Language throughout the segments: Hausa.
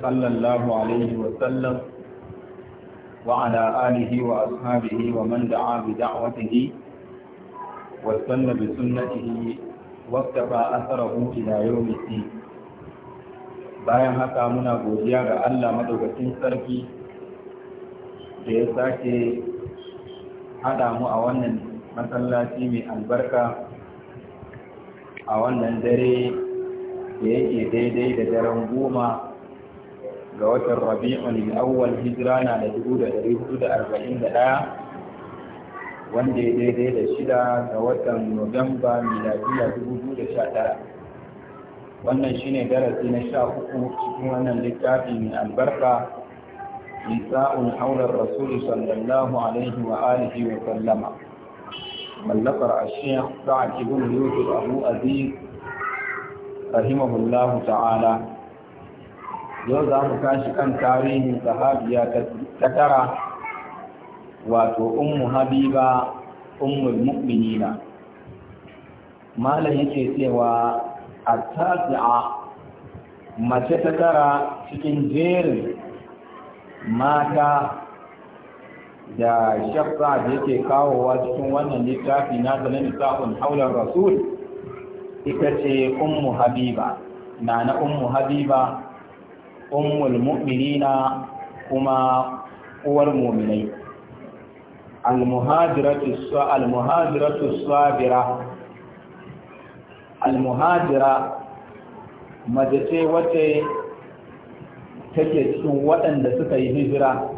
صلى الله عليه وسلم وعلى آله وأصحابه ومن دعا بدعوته واستنى بسنته واكتفى أثره إلى يوم الدين bayan haka muna godiya ga Allah madaukakin sarki da ya sake haɗa mu a wannan masallaci mai albarka a wannan dare da yake daidai da daren goma ga watan rabi'un awwal hijira na da dubu da ɗari hudu da arba'in da ɗaya wanda ya daidai da shida ga watan nuwamba miladiya dubu biyu da sha tara wannan shine darasi na sha uku cikin wannan littafi mai albarka nisa'un haular rasulu sallallahu alaihi wa alihi wa sallama mallakar ashiya sa'ad ibn yusuf abu aziz rahimahullahu ta'ala yau za mu tashi kan tarihin sahabiya ta tara wato ummu habiba ummul mu'minina malam yake cewa a tasia mace ta tara cikin jerin mata da shafa da yake kawowa cikin wannan littafi na da nisa'un haular rasul ita ce ummu habiba na na ummu habiba ummul mu'minina kuma uwar mu'minai al-muhajiratu sabira al-muhajira mace ce wacce take cikin waɗanda suka yi hijira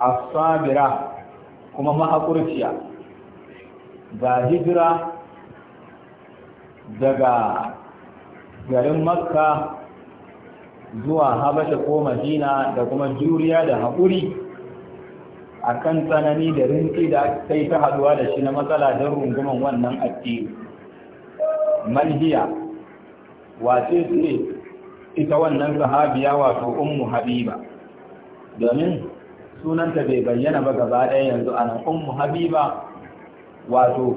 a sabira kuma mahaƙurciya ga hijira daga garin makka zuwa habasha ko madina da kuma juriya da haƙuri a kan tsanani da rinki da sai ta haduwa da shi na matsala don runguman wannan addini malhiya wace ce ita wannan sahabiya wato ummu habiba domin sunanta bai bayyana ba gaba ɗaya yanzu a nan habiba wato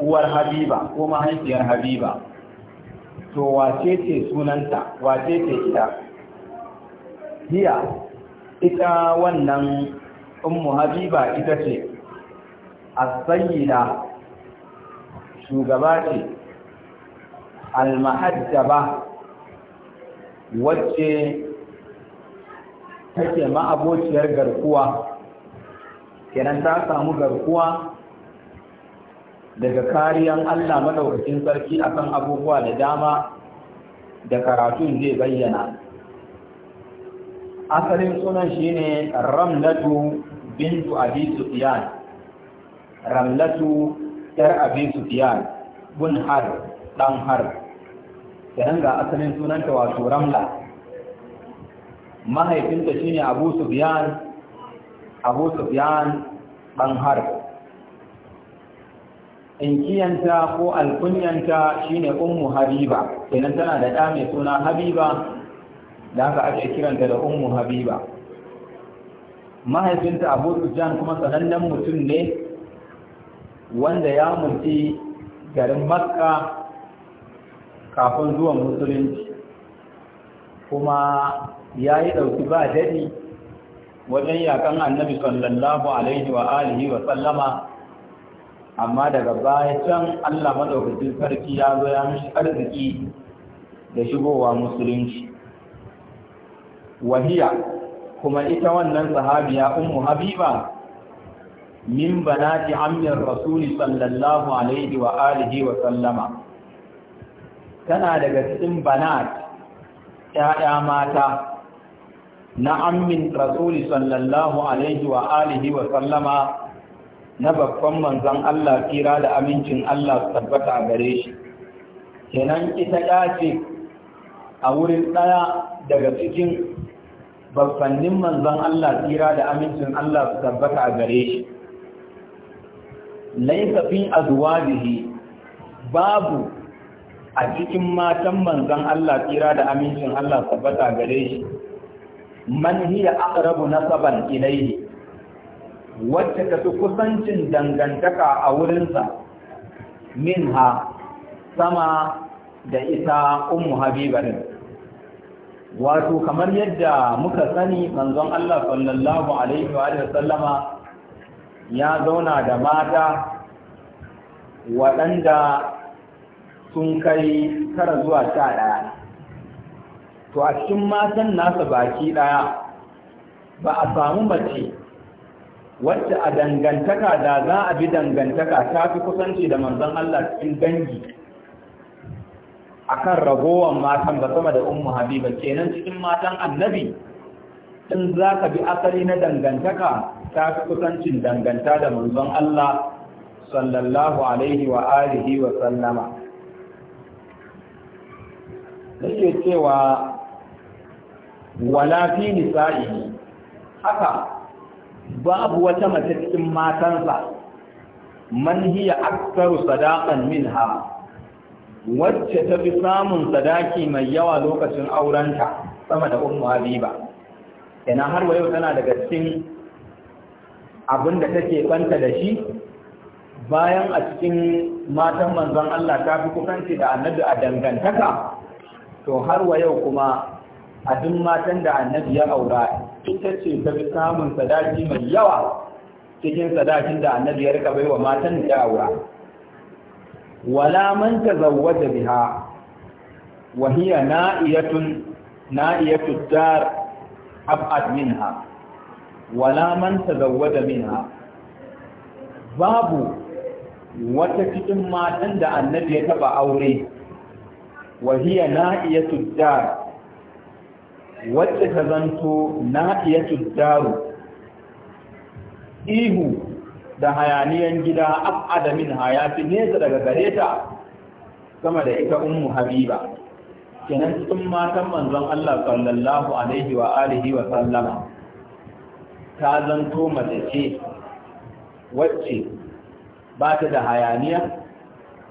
uwar habiba ko mahaifiyar habiba to wace ce sunanta wace ce ita hiya ita wannan ummu habiba ita ce as-sayyida shugaba ce al-muhaddaba wacce take ma'abociyar garkuwa kenan ta samu garkuwa daga kariyan Allah madaukakin sarki akan abubuwa da dama da karatun zai bayyana asalin sunan shi ne ramlatu bintu abi sufyan ramlatu yar abi sufyan bun har dan har kenan ga asalin sunanta wato ramla mahaifinta shine abu sufyan abu sufyan dan har inkiyanta ko alkunyanta shine ummu habiba kenan tana da ɗa mai suna habiba da haka ake kiranta da ummu habiba mahaifinta abu kuma sanannen mutum ne wanda ya mutu garin makka kafin zuwan musulunci kuma ya yi ɗauki ba daɗi wajen yakan annabi sallallahu alaihi wa alihi wa sallama amma daga baya can Allah madaukakin sarki ya zo ya mishi arziki da shigowa musulunci wahiya kuma ita wannan sahabiya ummu habiba min banati ammin rasuli sallallahu alaihi wa alihi wa sallama tana daga cikin banat ƴaƴa mata na ammin rasuli sallallahu alaihi wa alihi wa sallama na babban manzan Allah tsira da amincin Allah su tabbata a gare shi kenan ita ce a wurin ɗaya daga cikin babbannin manzan Allah tsira da amincin Allah su tabbata a gare shi laisa fi azwajihi babu a cikin matan manzan Allah tsira da amincin Allah su tabbata a gare shi man hiya aqrabu nasaban ilayhi wacce ka fi kusancin dangantaka a wurinsa Min Ha sama da ita Umu habibarin wato kamar yadda muka sani manzon Allah sallallahu alaihi wa sallama ya zauna da mata waɗanda sun kai tara zuwa sha ɗaya to a cikin matan nasa baki ɗaya ba a samu mace wacce a dangantaka da za a bi dangantaka ta fi kusanci da manzon Allah cikin dangi akan ragowar matan ba sama da ummu habiba kenan cikin matan annabi in za ka bi asali na dangantaka ta fi kusancin danganta da manzon Allah sallallahu alaihi wa alihi wa sallama yake cewa wala fi nisa'i haka babu wata mace cikin matansa man hiya aktaru sadaqan minha wacce ta fi samun sadaki mai yawa lokacin aurenta sama da ummu habiba Ina har wa yau tana daga cikin abin da take banta da shi bayan a cikin matan manzon Allah ta fi kusanci da annabi a dangantaka to har wa yau kuma a duk matan da annabi ya aura ita ce ta fi samun sadaki mai yawa cikin sadakin da annabi ya rika baiwa matan da aura wala man tazawwaja biha wa hiya na'iyatun na'iyatu dar ab'ad minha wala man tazawwaja minha babu wata cikin matan da annabi ya taba aure wa hiya na'iyatu dar wacce ta zanto na iya daru ihu da hayaniyan gida abada min hayati nesa daga gare ta sama da ita ummu habiba kenan sun matan manzon Allah sallallahu alaihi wa alihi wa sallama ta zanto mace ce wacce ba ta da hayaniya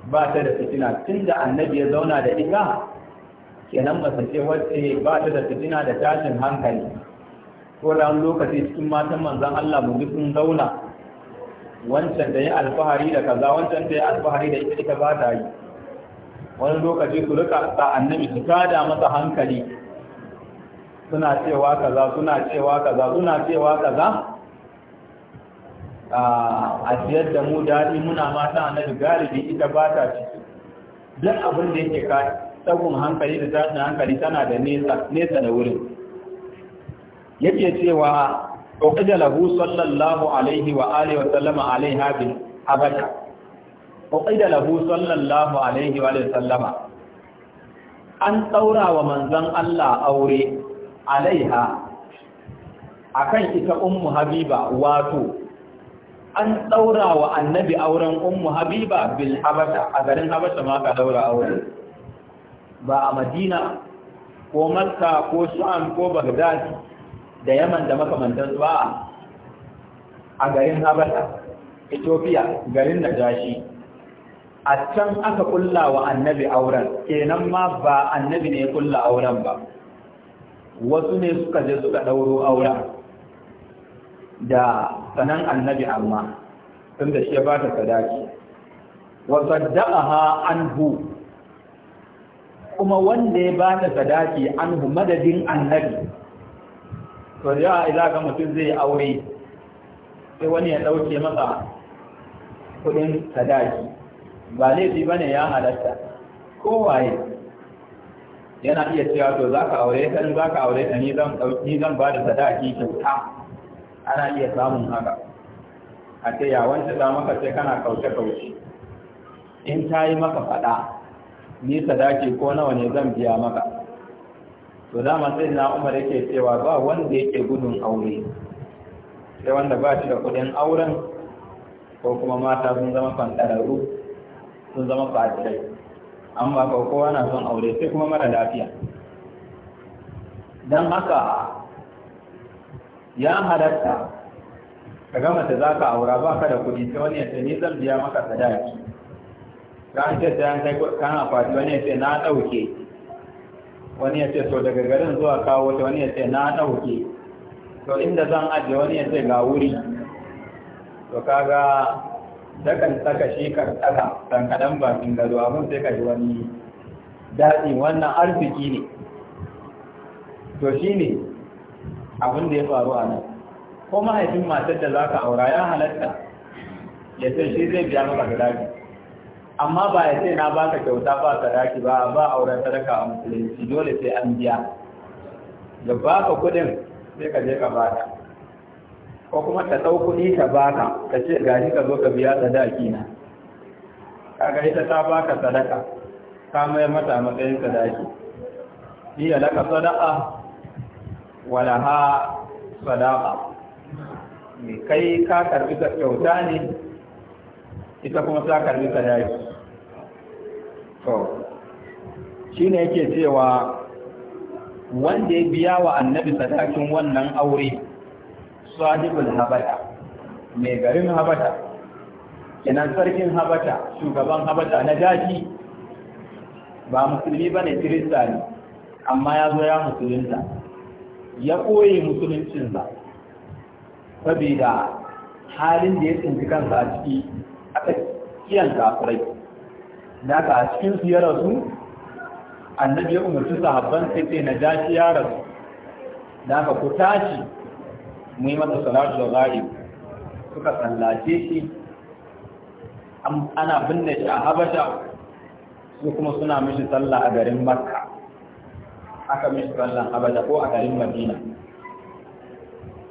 ba ta da fitina tunda annabi ya zauna da ita kenan mace ce wacce ba ta da fitina da tashin hankali ko da wani lokaci cikin matan manzan Allah mu ji sun zauna wancan da ya alfahari da kaza wancan da ya alfahari da ita ita ba ta yi wani lokaci su rika sa annabi su kada masa hankali suna cewa kaza suna cewa kaza suna cewa kaza a siyar da mu daɗi muna mata annabi galibi ita ba ta ciki duk abin da yake kai tagun hankali da tashin hankali tana da nesa nesa da wurin yake cewa uqida lahu sallallahu alaihi wa alihi wa sallama alaiha bil abada uqida lahu sallallahu alaihi wa alihi sallama an daura wa manzon Allah aure alaiha kan ita ummu habiba wato an daura wa annabi auren ummu habiba bil Habata a garin Habata ma ka daura aure ba a madina ko malka ko sha'an ko bagdad da yaman da makamantan ba a garin habata ethiopia garin najashi a can aka kulla wa annabi auren kenan ma ba annabi ne kulla auren ba wasu ne suka je suka ɗauro auren da sanan annabi amma tun da shi ya ba ta sadaki wa saddaqaha anhu kuma wanda ya ba da sadaki an madadin annabi to ya yawa ga mutum zai aure sai wani ya dauke masa kuɗin sadaki ba laifi ba ne ya halatta kowaye yana iya cewa to za ka aure ta za ka aure ka ni zan ba da sadaki kyauta ana iya samun haka a ce ya wanda maka sai kana kauce-kauce in ta yi maka faɗa ni sadaki ko nawa ne zan biya maka to dama sai na umar yake cewa ba wanda yake gudun aure sai wanda ba shi da kudin auren ko kuma mata sun zama fantararru sun zama fasirai amma ba kowa na son aure sai kuma mara lafiya don haka ya halatta ka gama ta za ka aura ba ka da kudi sai wani ya ce ni zan biya maka sadaki kan ce sai an kai kan akwati wani ya ce na ɗauke wani ya ce so daga garin zuwa kawo ta wani ya ce na ɗauke to inda zan ajiye wani ya ce ga wuri to kaga dakan saka shi karkata san kaɗan bakin gado abin sai ka ji wani daɗi wannan arziki ne to shi ne abin da ya faru a nan ko mahaifin matar da za ka aura ya halatta ya ce shi zai biya maka gadaji amma ba ya ce na baka kyauta ba sadaki ba ba auren sadaka a musulunci dole sai an biya da baka kuɗin sai ka je ka bata ko kuma ta ɗau kuɗi ta baka ka ce gashi ka zo ka biya sadaki na kaga ita ta baka sadaka ka mai mata matsayin sadaki ya laka sadaka wala ha sadaka kai ka karbi kyauta ne ita kuma ta karbi sadaki to shi ne yake cewa wanda ya biya wa annabi sadakin wannan aure sahibul habata mai garin habata kinan sarkin habata shugaban habata na daji ba musulmi ba ne kirista ne amma ya zo ya musulunta ya musuluncin musuluncinsa sabida halin da ya tsinci kansa a ciki aka kiyan kurai da aka a cikin su ya rasu annabi ya umarci su habban sai sai na jashi ya rasu da aka ku tashi mu yi masa salatu da gari suka tsallace shi ana binne shi a habasha su kuma suna mishi sallah a garin makka aka mishi sallan habasha ko a garin madina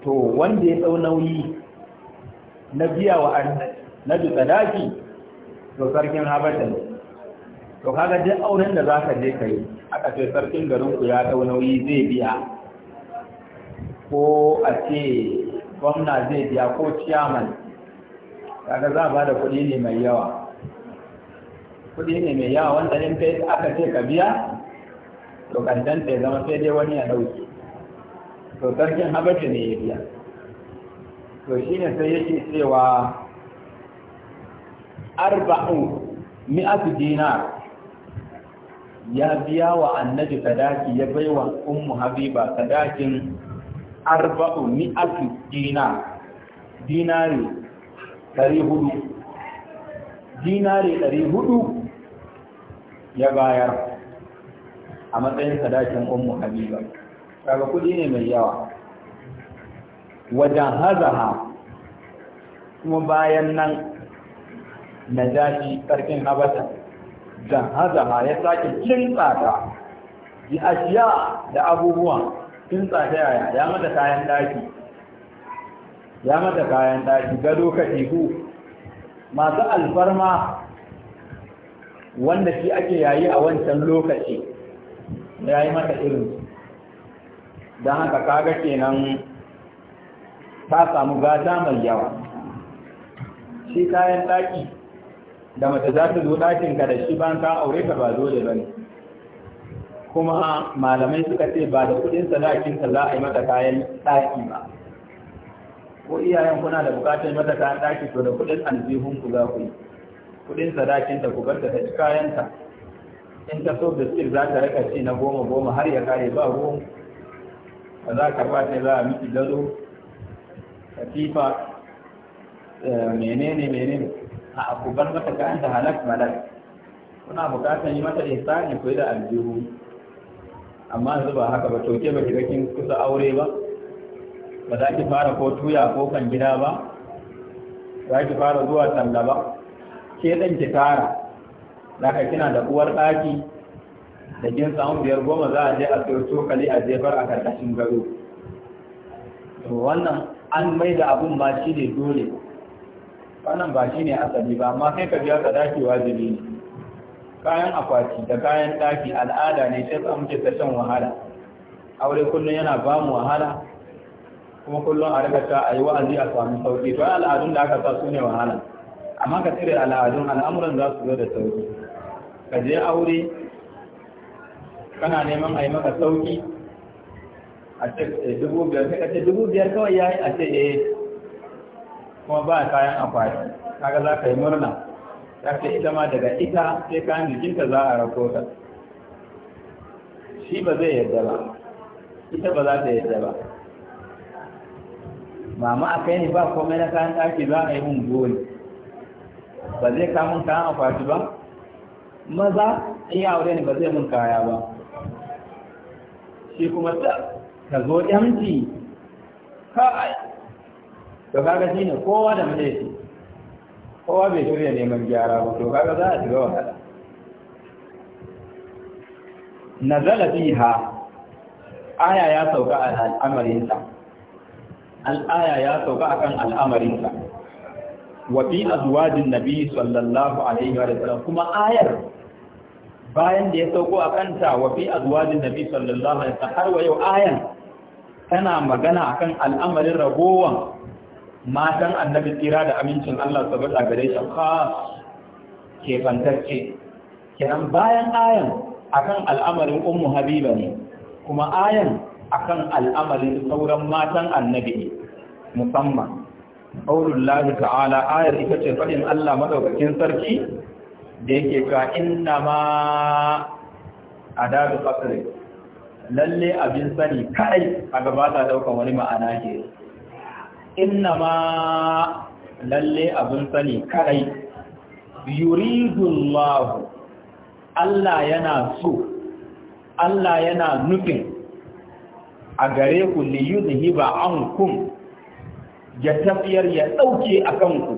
to wanda ya tsau nauyi na biya wa annabi sadaki to sarkin habasha ne to kaga duk auren da zaka je kai aka ce sarkin garin ku ya dau nauyi zai biya ko a ce gwamna zai biya ko ciyaman kaga za ba da kuɗi ne mai yawa kuɗi ne mai yawa wanda in kai aka ce ka biya to kantan ya zama sai dai wani ya ɗauke to sarkin habasha ne ya biya to shine sai yake cewa arba'u mi'atu dinar ya biya wa annabi sadaki ya bai wa ummu habiba sadakin arba'u mi'atu dina dinari dari hudu dinari dari hudu ya bayar a matsayin sadakin ummu habiba kaga kudi ne mai yawa wajen hazaha kuma bayan nan na jashi sarkin habata dan hazaha ya sake kintsa ta bi ashiya da abubuwa kintsa yaya ya mata kayan daki ya mata kayan daki gado katifu masu alfarma wanda shi ake yayi a wancan lokaci ya yi mata irin don haka kaga kenan ta samu gata mai yawa shi kayan daki da mace za ta zo ɗakinka da shi bayan ka aure ka ba dole ba ne kuma malamai suka ce ba da kuɗin sadakinta za a yi mata kayan ɗaki ba ko iyayen kuna da buƙatar mata kayan ɗaki to da kuɗin alfihun ku za ku yi kuɗin sadakinta ku bar ta ta ci kayanta in ta so da za ta rika ci na goma goma har ya kare ba ruwan ba za ka ba za a miki gado katifa eh, menene menene a ku bar mata kayan ta halak malak kuna bukatar yi mata ihsani ni da aljihu amma yanzu ba haka ba toke ba ki kin kusa aure ba ba za ki fara ko tuya ko kan gida ba za ki fara zuwa talla ba ke dan ki fara ka kina da uwar ɗaki da kin samu biyar goma za a je a sayo cokali a jefar a karkashin gado to wannan an mai da abun ma shi ne dole wannan ba shi ne asali ba amma sai ka biya sadaki wajibi ne kayan akwati da kayan ɗaki al'ada ne sai ka muke ta wahala aure kullum yana ba mu wahala kuma kullum a riga ta a yi wa'azi a sami sauki to al'adun da aka sa su ne wahala amma ka cire al'adun al'amuran za su zo da sauki ka je aure kana neman a yi maka sauki a ce eh, dubu biyar ce dubu biyar kawai ya yi a ce eh kuma ba kayan akwati kaga za ka yi murna ya ce ita ma daga ita sai kayan jikinta za a rako ta shi ba zai yarda ba ita ba za ta yarda ba mama a kai ne ba komai na kayan ɗaki za a yi mun goli ba zai kamun kayan akwati ba maza iya aure ne ba zai mun kaya ba shi kuma ta ka zo yanci ka to kaga shine kowa da mulki kowa bai shirya neman gyara ba to kaga za a shiga wahala nazala fiha aya ya sauka a al'amarinsa al'aya ya sauka akan al'amarinsa wa fi azwajin nabi sallallahu alaihi wa sallam kuma ayar bayan da ya sauko a kanta wa fi azwajin nabi sallallahu alaihi wa sallam. har wa yau ayan tana magana akan al'amarin ragowan matan annabi tsira da amincin Allah saboda gare shi khas ke fantacce kiran bayan ayan akan al'amarin ummu habiba ne kuma ayan akan al'amarin sauran matan annabi ne musamman qaulullahi ta'ala ayar ita ce fadin Allah madaukakin sarki da yake ka inna ma adadu qasri lalle abin sani kai a gaba ta dauka wani ma'ana ke inna ma lalle abin sani kai yuridullahu Allah yana so Allah yana nufin a gare ku liyudhiba ankum ya tafiyar ya dauke akan ku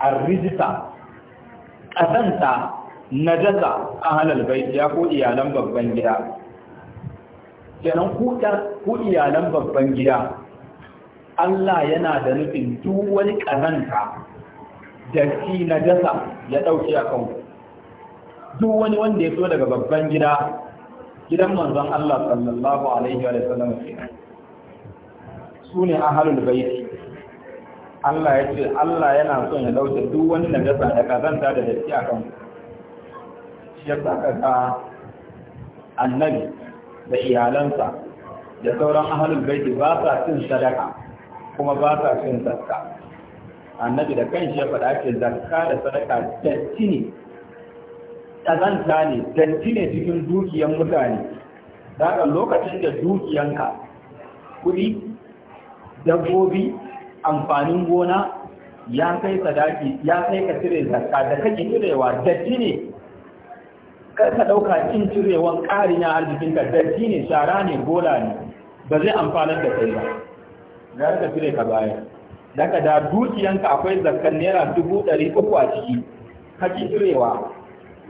arrizqa kazanta najaza a halal ya ko iyalan babban gida kenan ku iyalan babban gida Allah yana da nufin duk wani ƙazanta da fi na dasa ya ɗauki a kan duk wani wanda ya fito daga babban gida gidan manzon Allah sallallahu alaihi wa sallam kenan su ne ahalul baiti Allah ya ce Allah yana son ya dauke duk wani dasa da kazanta da shi a kan shi ya saka ka annabi da iyalansa da sauran ahalul baiti ba sa cin sadaka kuma ba sa cin zakka annabi da kanshi ya faɗa ke zakka da sadaka datti ne ƙazanta ne datti ne cikin dukiyan mutane daga lokacin da dukiyanka kuɗi dabbobi amfanin gona ya kai sadaki ya kai ka cire zakka da kake cirewa datti ne kar ka ɗauka cin cirewan ƙari na arzikinka datti ne shara ne gola ne ba zai amfanar da kai ba za ka cire ka bayar daga da dukiyanka akwai zakkan naira dubu ɗari uku a ciki ka ci cirewa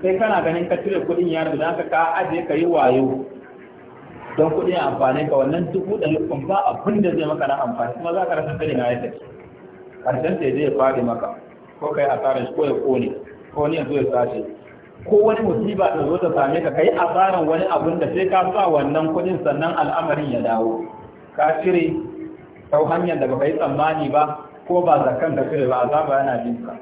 kai kana ganin ka cire kuɗin ya rubuta ka ka ajiye ka yi wayo don kuɗin amfani ka wannan dubu ɗari uku ba abin da zai maka na amfani kuma za ka rasa sani na yadda ƙarshen sai zai faɗi maka ko kai asarar ko ya ƙone ko wani zo ya sace ko wani musiba da zo ta same ka kai asarar wani abun da sai ka sa wannan kuɗin sannan al'amarin ya dawo ka cire sau hanyar da baka yi tsammani ba ko ba zakan da kire ba azaba yana jin ka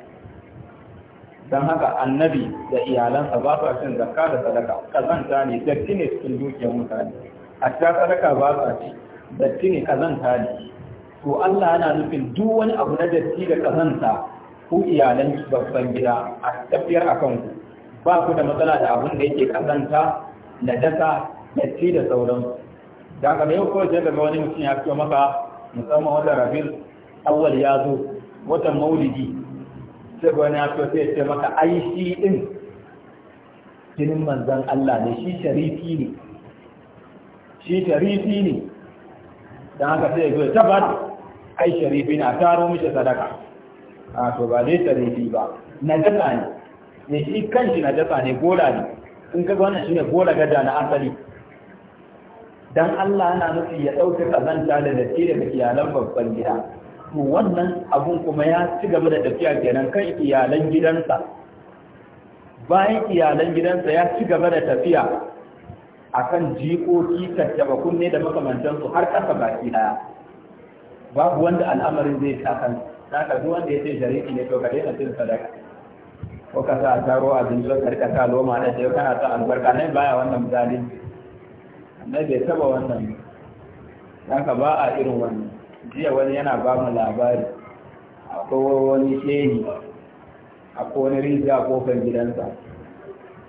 don haka annabi da iyalansa ba su cin zakka da sadaka kazanta ne datti ne cikin dukiyar mutane a cikin sadaka ba su ci datti ne kazanta ne to Allah yana nufin duk wani abu na datti da kazanta ku iyalan babban gida a tafiyar akan ku ba ku da matsala da abin da yake kazanta na dasa datti da sauransu da haka da yau kawai da wani mutum ya fito maka musamman wata rabin awal ya zo watan maulidi sai wani ya so sai ce maka ai shi din jinin manzan Allah ne shi sharifi ne shi sharifi ne don haka sai zo tabbat ai sharifi ne a taro mishi sadaka a to ba dai sharifi ba na jasa ne ne shi kanshi na jasa ne gola ne in kaga wannan shine gola gada na asali dan Allah yana nufi ya ɗauka kazanta da datti da iyalan babban gida to wannan abun kuma ya ci gaba da tafiya kenan kan iyalan gidansa bayan iyalan gidansa ya ci gaba da tafiya akan jikoki tattaba kunne da makamantansu har ƙasa baki daya babu wanda al'amarin zai taka saka duk wanda ya ce jariki ne to ka daina cin sadaka ko ka sa taro a zinjiyar karkata loma da sai kana sa albarka nan baya wannan zalunci na bai taba wannan haka ba a irin wannan jiya wani yana ba mu labari akwai wani shehi a wani rija kofar gidansa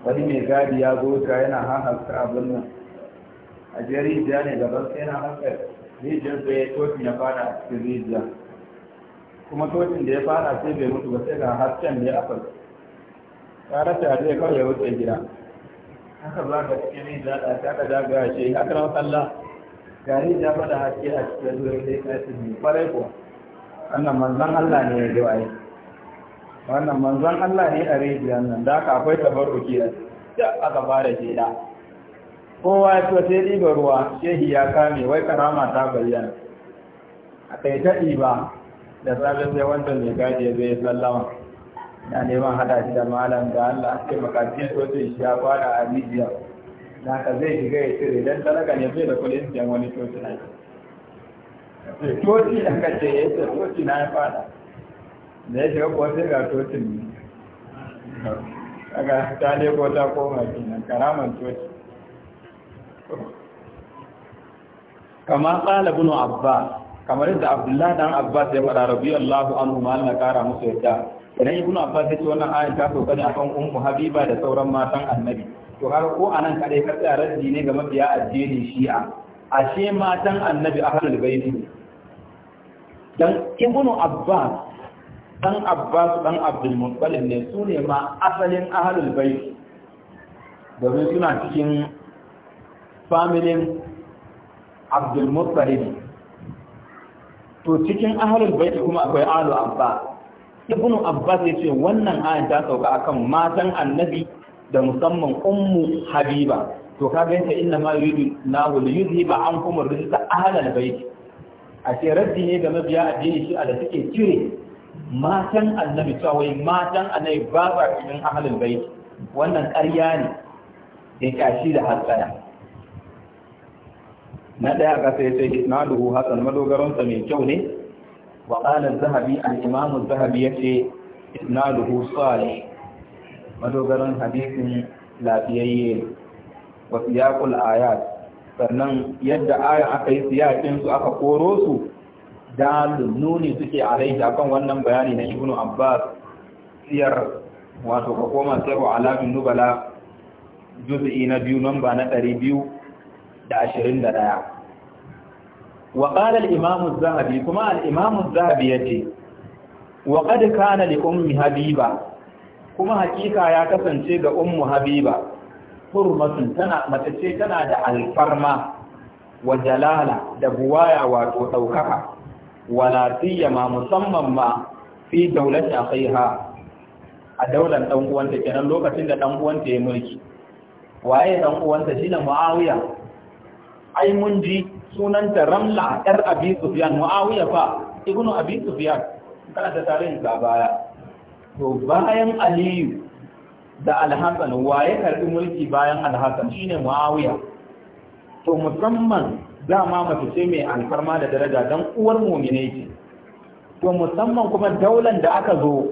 wani mai gadi ya zo ta yana hahaska abin nan a je rijiya ne gaban sai yana haka rijiyar da ya tofi ya fara a cikin rijiya kuma tocin da ya fara sai bai mutu ba sai ga hasken da ya afar ta rasa ya je kawai ya wuce gida haka za ka cikin rijiya da ta taɗa zaga shi haka ran sallah gari ya faɗa haske a cikin zuwa sai ka ci ne kwarai kuwa wannan manzon Allah ne ya ji ai wannan manzon Allah ne a rijiyar nan da haka akwai tabarruki a da aka fara jeda kowa ya fito sai ɗiba ruwa shehi ya kame wai karama ta bayyana a kai ta ɗiba da safe sai wanda mai gadi ya zai sallama na neman hada shi da malam da Allah sai makarfin tocin shi ya fara a rijiya da ka zai shiga ya cire don talaka ne zai da su siyan wani coci na shi coci da ka ce ya ce coci na ya fada da ya shiga kuwa sai ga cocin ne daga ta ne ko ta koma kenan karaman coci. kama tsala bin Abba kamar yadda abdullahi dan abbas ya fara rabbi Allahu anhu ma Allah kara musu yadda idan ibnu abbas ya ce wannan ayat ta sauka ne akan ummu habiba da sauran matan annabi to har ko anan kadai ka tsaya raddi ne ga mabiya addinin shi'a ashe matan annabi ahlul bait ne dan ibnu abbas dan abbas dan abdul muttalib ne su ne ma asalin ahlul bait domin suna cikin familin abdul muttalib to cikin ahlul bayt kuma akwai alu abbas ibnu abbas ya ce wannan ayan ta sauka akan matan annabi da musamman ummu habiba to ka ga yace inna ma yuridu lahu li yuzhiba ankum rijsa ahla albayt a ce raddi ne ga mabiya addini shi da suke cire matan annabi cewa wai matan annabi ba ba cikin ahla albayt wannan ƙarya ne da kashi da hatsaya na daya ga sai sai isnaduhu hasan madogaron mai kyau ne wa qala az-zahabi al-imam az-zahabi yace isnaduhu madogaran hadisin lafiyayye wa siyaqul ayat sannan yadda ayan aka yi siyaqin su aka koro su dalil nuni suke alaihi akan wannan bayani na ibnu abbas siyar wato ka koma siyaru alamin nubala juz'i na biyu da ashirin da daya. wa qala al-imam az-zahabi kuma al-imam az-zahabi yace wa qad kana li ummi habiba kuma hakika ya kasance ga ummu habiba hurmatun tana mace ce tana da alfarma wa jalala da buwaya wato daukaka wala ma musamman ma fi daulati akhiha a daular dan uwanta kenan lokacin da dan uwanta ya mulki waye dan uwanta shine muawiya ai mun ji sunanta ramla yar abi sufiyan muawiya fa ibnu abi sufiyan kana da tarihin sa baya to bayan aliyu da alhassan wa ya karbi mulki bayan alhassan shine muawiya to musamman dama mace ce mai alfarma da daraja dan uwar mu'minai ce to musamman kuma daular da aka zo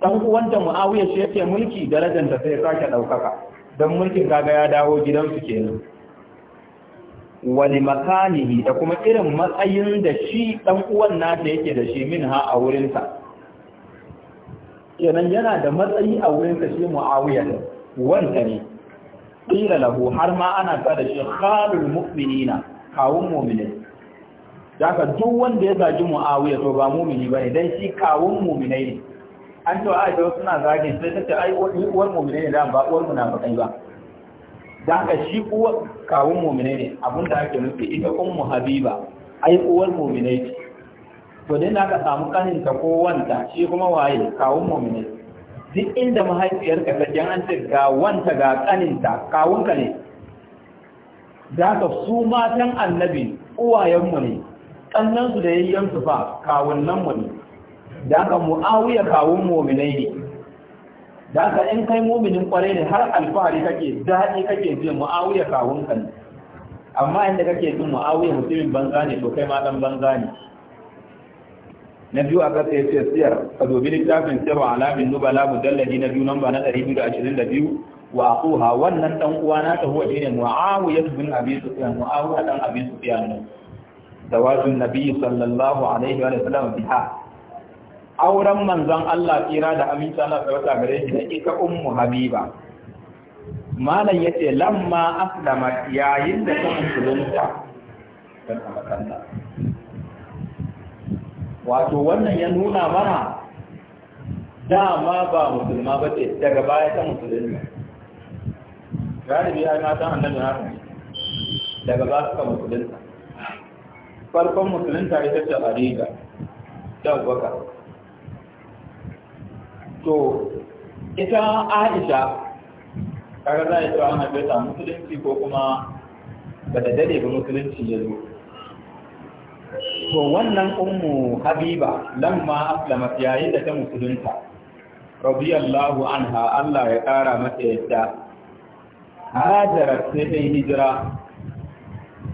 dan uwanta muawiya shi yake mulki darajar da sai sake daukaka dan mulkin kaga ya dawo gidansu kenan wani makanihi da kuma irin matsayin da shi ɗan uwan nata yake da shi min ha a wurinsa kenan yana da matsayi a wurinsa shi mu'awiyar wanda ne ƙila lahu har ma ana ta da shi khalul mu'minina kawun mu'minin daga duk wanda ya zaji mu'awiyar to ba mu'mini ba ne dan shi kawun mu'minai ne an to a suna zagin sai ta ce ai uwar mu'minai ne da ba uwar bakai ba da haka shi uwa kawun mominai ne abin da ake nufi ita kun mu habiba ai uwar mominai ce to dai na ka samu ta ko wanta shi kuma waye kawun mominai. duk inda mahaifiyarka ta jan an ce ga wanta ga kawun kawunka ne da haka su matan annabi uwayenmu ne kannansu da yayyansu fa kawunnanmu ne da haka mu'awiya kawun mominai ne da aka in kai muminin kwarai ne har alfahari kake daɗi kake jin mu'awiya kawun kan amma inda kake jin mu'awiya mutumin banza ne to kai ma dan banza ne na biyu a kasa ya ce siyar ka dubi littafin siyarwa alamin nubala mujalladi na biyu namba na 222 wa akuha wannan dan uwa na ta huwa ne muawiya bin abi sufyan muawiya dan abi sufyan dawajin nabi sallallahu alaihi wa sallam biha auren manzon Allah tsira da Aminta Allah ta wata gare shi da ita ummu habiba malam yace lamma aslama yayin da ta musulunta ta makanta wato wannan ya nuna mana dama ba musulma ba ce daga baya ta musulunta galibi ya yi matan annabi haka daga ba su ka musulunta farkon musulunta ita ce a riga ta to ita aisha kaga za a yi cewa ana beta musulunci ko kuma ba da dade ba musulunci ya zo to wannan ummu habiba ma aslama yayin da ta musulunta radiyallahu anha Allah ya kara mata yadda hajarat sai dai hijira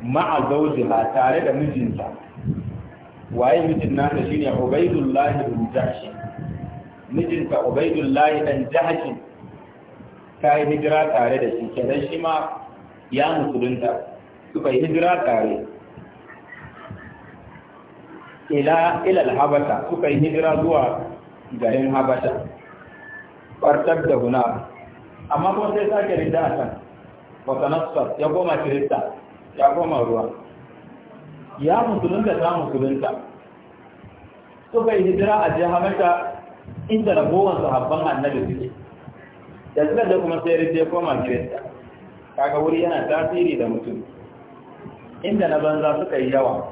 ma'a zawjiha tare da mijinta waye mijin nata shine Ubaydullah ibn mijinta ubaidullahi dan jahashin ta yi hijira tare da shi kenan shi ma ya musulunta suka yi hijira tare ila ilal habata suka yi hijira zuwa garin habata fartar da guna amma kuma sai sake rinda a kan watanassar ya goma kirista ya goma ruwa ya musulunta ta musulunta suka yi hijira a jihamata inda ragowar sahabban annabi suke yanzu da kuma sai rijje koma kirista kaga wuri yana tasiri da mutum inda na banza suka yi yawa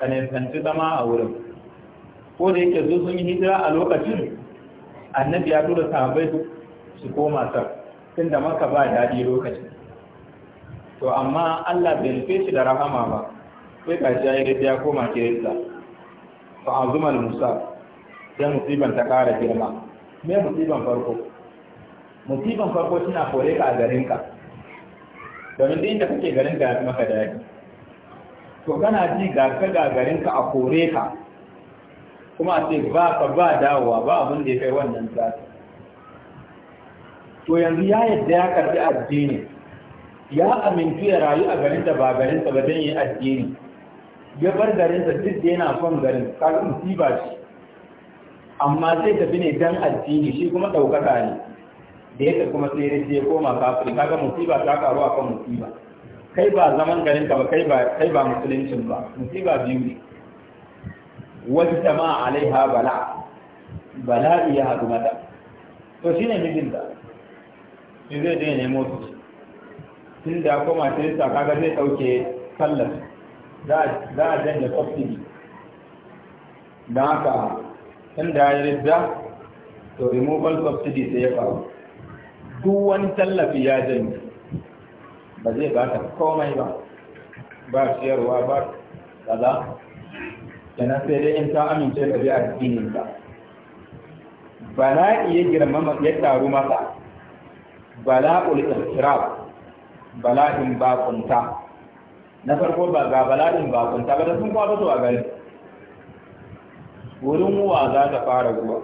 ka nisanci zama a wurin ko da yake zo sun yi hijira a lokacin annabi ya tura sahabbai su koma sar tun da maka ba daɗi lokacin to amma Allah bai nufi shi da rahama ba sai ka ya yi ya koma kirista fa musa sai musiban ta ƙara girma me musiban farko musiban farko tana kore ka a garinka domin duk inda kake garinka ya fi maka daɗi to kana ji ga ka ga garinka a kore ka kuma a ba ka ba dawowa ba abin da ya kai wannan zafi to yanzu ya yadda ya karbi addini ya amintu ya rayu a garin da ba garinsa ba don yi addini ya bar garinsa duk da yana son garin kaga musiba ce amma zai tafi ne dan addini shi kuma ɗaukaka ne da yake kuma sai ya je koma kafiri kaga musiba ta karu kan musiba kai ba zaman garin ka ba kai ba kai ba musuluncin ba musiba biyu ne wata jama'a alaiha bala bala ya hadu mata to shi mijin mijinta shi zai je ne su tun da koma kirista kaga zai dauke sallar za a janye subsidy don haka tun da ya ridda to removal subsidy sai ya faru duk wani tallafi ya janye ba zai ba ta komai ba ba ciyarwa ba kaza kenan sai dai in ta amince da bi addinin ka bala'i ya girmama ya taru masa bala bala'ul bala in bakunta na farko ba ga bala in bakunta ba da sun kwaba zuwa gari wurin wa za ta fara zuwa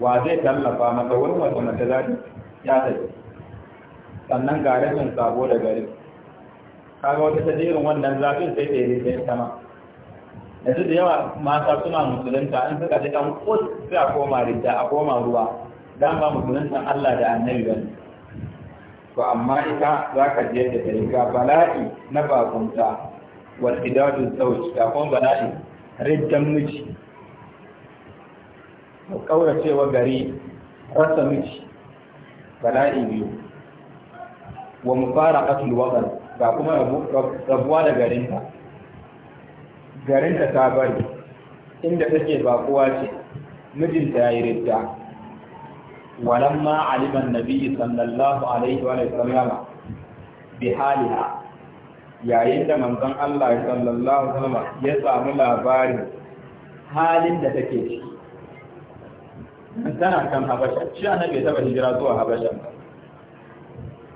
wa zai tallafa maka wurin wata mace za ta ya tafi sannan ga rashin sabo da gari kaga wata ta jerin wannan zafin sai ta yi sai sama yanzu da yawa mata suna musulunta in suka ji ɗan kus sai a koma ridda a koma ruwa dan ba musuluntan Allah da annabi ba to amma ita za ka je da ta ga bala'i na bakunta wa idadu sauci ga kuma bala'i riddan miji da ƙauracewa gari rasa miji bala'i biyu wa mu fara ƙasul waɗar ga kuma rabuwa da garinta garinta ta bari inda take bakuwa ce mijinta ya yi ridda walamma aliman nabi sallallahu alaihi wa sallama bi haliha yayin da manzon Allah sallallahu alaihi wasallam ya samu labarin halin da take ciki tana kan habasha shi annabi bai taba hijira zuwa habasha ba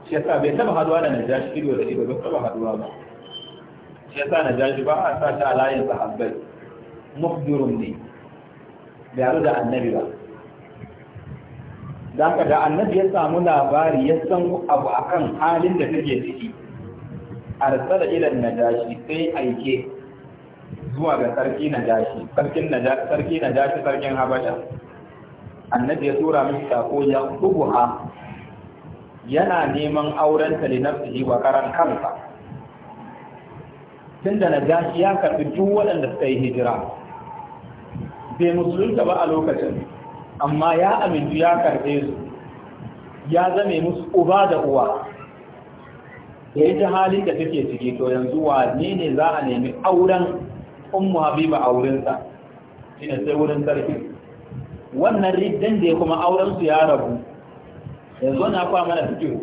shi yasa bai taba haduwa da najashi ido da ido ba taba haduwa ba shi yasa najashi ba a sa shi a sahabbai muhdirun ne bai haɗu da annabi ba da haka da annabi ya samu labari ya san abu akan halin da take ciki arsala ila najashi sai aike zuwa ga sarki najashi sarkin najashi sarki najashi sarkin habasha annabi ya tura mishi sako ya kubuha yana neman auren ta linafsihi wa karan kansa tunda najashi ya karbi duk waɗanda suka yi hijira bai musulunta ba a lokacin amma ya amintu ya karbe su ya zame musu uba da uwa da ita halin da take ciki to yanzu wa ne ne za a nemi auren ummu habiba a wurinsa shine sai wurin sarki wannan riddan da ya kuma auren su ya rabu yanzu na kwa mana fikihu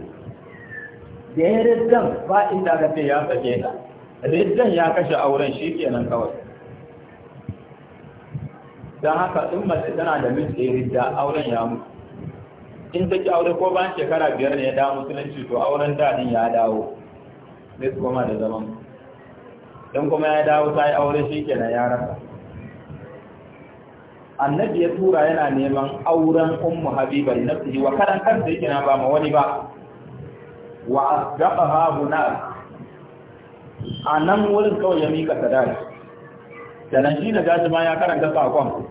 da ya riddan ba inda ka ce ya sake ta riddan ya kashe auren shi kenan kawai don haka in mace tana da miji ridda auren ya mutu in take aure ko bayan shekara biyar ne ya dawo musulunci to auren da ya dawo sai su koma da zaman don kuma ya dawo ta yi aure shi kenan ya rasa annabi ya tura yana neman auren ummu habiba da nafsihi wa karan kansa yake na ba ma wani ba wa asdaqaha na. a nan wurin kawai ya mika sadaki da nan shi da gashi ma ya karanta sakon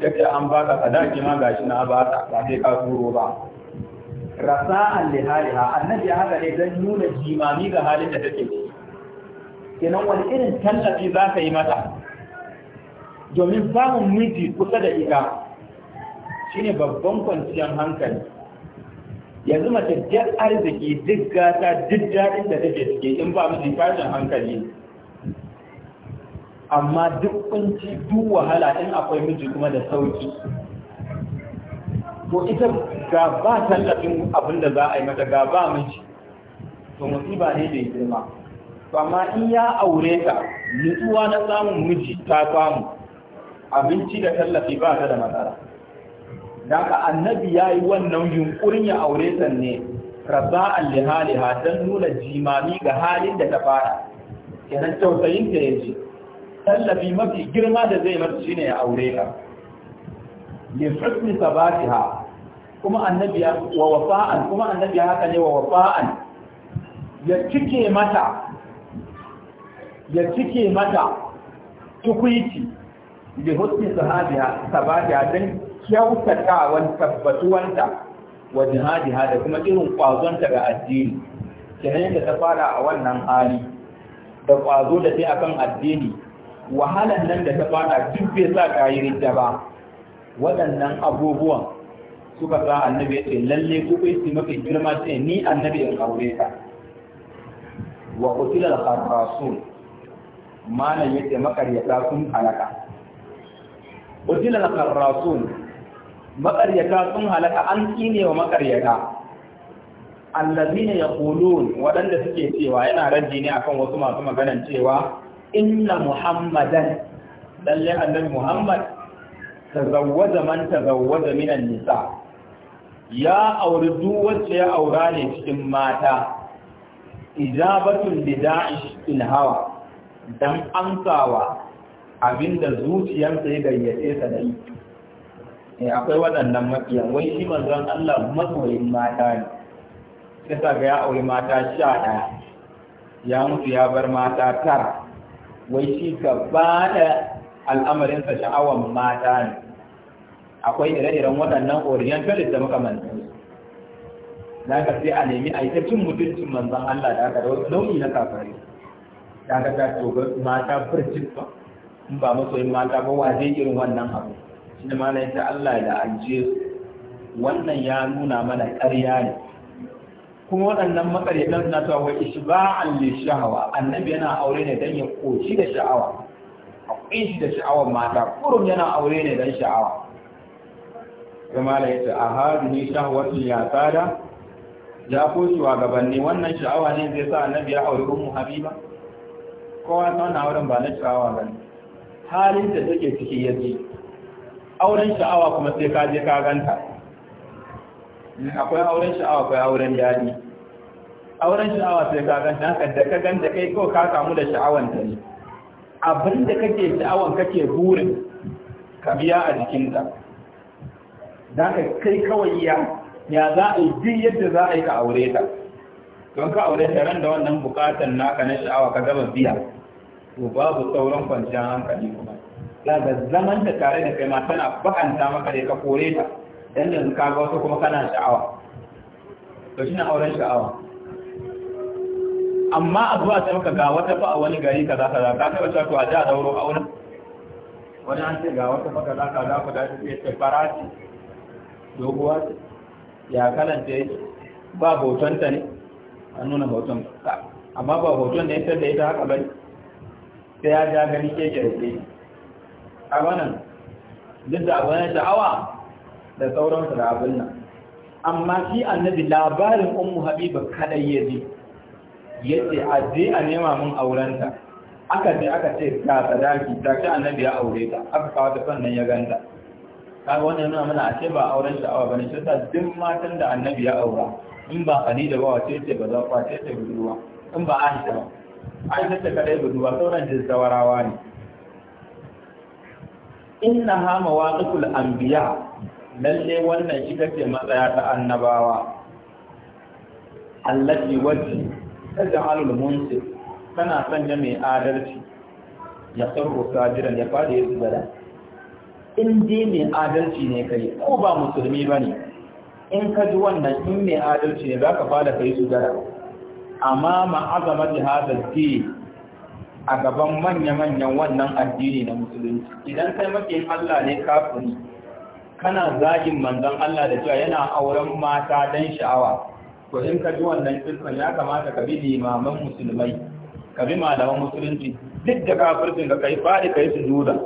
yake an baka sadaki ma gashi na ba ta ba sai ka turo ba rasa'an haliha annabi ya haka ne don nuna jimami ga halin da take kenan wani irin tallafi za ka yi mata domin samun miji kusa da ita shine babban kwanciyar hankali yanzu mace jar arziki duk gata duk daɗin da take cike in ba miji tashin hankali amma duk kunci duk wahala in akwai miji kuma da sauki to ita ga ba tallafin abin da za a yi mata ga ba miji to musiba ne mai girma to amma in ya aure ta nutsuwa na samun miji ta samu abinci da tallafi ba ta da matsala dan ka annabi yayi wannan yunkurin ya aure ta ne rasa'an lihaliha don nuna jimami ga halin da ta fara kenan tausayin ta ya tallafi mafi girma da zai mata shine ya aure ka li husni sabatiha kuma annabi wa wafa'an kuma annabi haka ne wa wafa'an ya cike mata ya cike mata tukuiti da sahabiya sababiya don kyautatawan tabbatuwanta wa jihadiha da kuma irin kwazonta ga addini ta da ta fara a wannan hali da kwazo da sai akan addini wahalan nan da ta fara duk bai sa kayi ridda ba waɗannan abubuwan Kuka sa annabi ya ce lalle ku kai su mafi girma ce ni annabi in aure ka wa qutila al-kharrasun malan yace makaryata sun halaka qutila al-kharrasun makaryata sun halaka an tsine wa makaryata allazina yaqulun wadanda suke cewa yana raji ne akan wasu masu maganan cewa inna muhammadan lalle annabi muhammad tazawwaja man tazawwaja minan nisa ya auri duk wacce ya aura ne cikin mata ijabatun bida'ish in hawa dan amsawa abinda zuciyarsa ya gayyace sa da yi eh akwai waɗannan makiyan wai shi manzon Allah masoyin mata ne sai ga ya auri mata sha ɗaya ya mutu ya bar mata tara wai shi gaba da al'amarinsa sha'awan mata ne akwai ire-iren waɗannan orientalist da muka manta da ka sai a nemi a yi ta cin mutuncin manzan Allah da aka da wasu nau'i na kafari da aka ta toga mata birjin ba in ba masoyin mata ba wa zai irin wannan abu shi da mana yadda Allah da an ce wannan ya nuna mana ƙarya ne kuma waɗannan makaryatan suna cewa wai ba li shahawa annabi yana aure ne don ya koci da sha'awa akwai shi da sha'awar mata kurum yana aure ne don sha'awa kuma da yace a hadu ni shahwatu ya tsada ya ko gabanni wannan sha'awa ne zai sa annabi ya auri ummu habiba kowa ta wannan auren ba na sha'awa ba ne halin da take ciki yaji auren sha'awa kuma sai ka je ka ganta akwai auren sha'awa akwai auren dadi auren sha'awa sai ka ganta haka da ka ganta kai ko ka kamu da sha'awan ta ne abin da kake sha'awan kake burin ka biya a jikinta da ka kai kawai ya ya za a yi yadda za a yi ka aure ta don ka aure ta ran da wannan bukatan naka na sha'awa ka gaba biya to babu sauran kwanciyar hankali kuma ga zaman ta tare da kai ma tana bakanta maka da ka kore ta dan da ka ga wasu kuma kana sha'awa to shi na auren sha'awa amma a zuwa sai maka ga wata fa a wani gari ka za ka taba cewa to a da dauro auren wani an ce ga wata fa ka za ku da ce farati. doguwa ce ya kalanta yake ba hotonta ne an nuna hoton amma ba hoton da ya da ita haka bai sai ya ja gani ke jirage ke a wannan duk da abin sha'awa da sauransu da abin nan amma shi annabi labarin ummu habiba kadai ya ji ce a je a nema mun aurenta aka je aka ce ta sadaki ta ce annabi ya aure ta aka kawo ta sannan ya ganta kaga wannan nuna mana ashe ba auren sha'awa bane sai sa duk matan da annabi ya aura in ba Khadija ba wace ce ba za ku ce ce budurwa in ba Aisha ba Aisha ce kadai budurwa sauran sawarawa ne ha mawaqiful anbiya lalle wannan shi kake matsaya ta annabawa allati wajhi taj'alul munsi kana sanya mai adalci ya sarru sajiran ya fadi ya sujada in dai mai adalci ne kai ko ba musulmi ba ne in ka ji wannan in mai adalci ne za ka fada kai su gara amma ma'azama jihadar ke a gaban manya-manyan wannan addini na musulunci idan kai Allah ne kafin kana zagin manzan Allah da cewa yana auren mata don sha'awa to in ka ji wannan kirkan ya kamata ka bi limaman musulmai ka bi malaman musulunci duk da kafircin ka kai faɗi kai su juda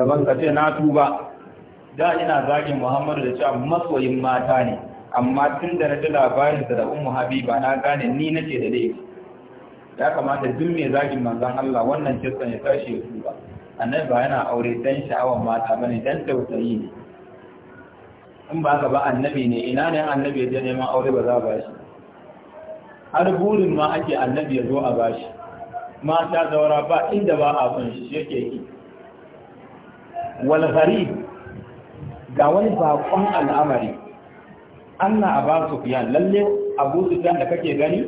gaban ka ce na tuba da ina zagin muhammadu da cewa masoyin mata ne amma tun da na ji labarin da ummu habiba na gane ni nake da dai ya kamata duk mai zagin manzon Allah wannan kisan ya tashi ya tuba annabi ba yana aure dan sha'awar mata bane dan tausayi ne in ba ka ba annabi ne ina ne annabi ya neman aure ba za ba shi har burin ma ake annabi ya zo a bashi mata zaura ba inda ba a son shi yake yi wal ga wani bakon al'amari anna abu sufyan lalle abu sufyan da kake gani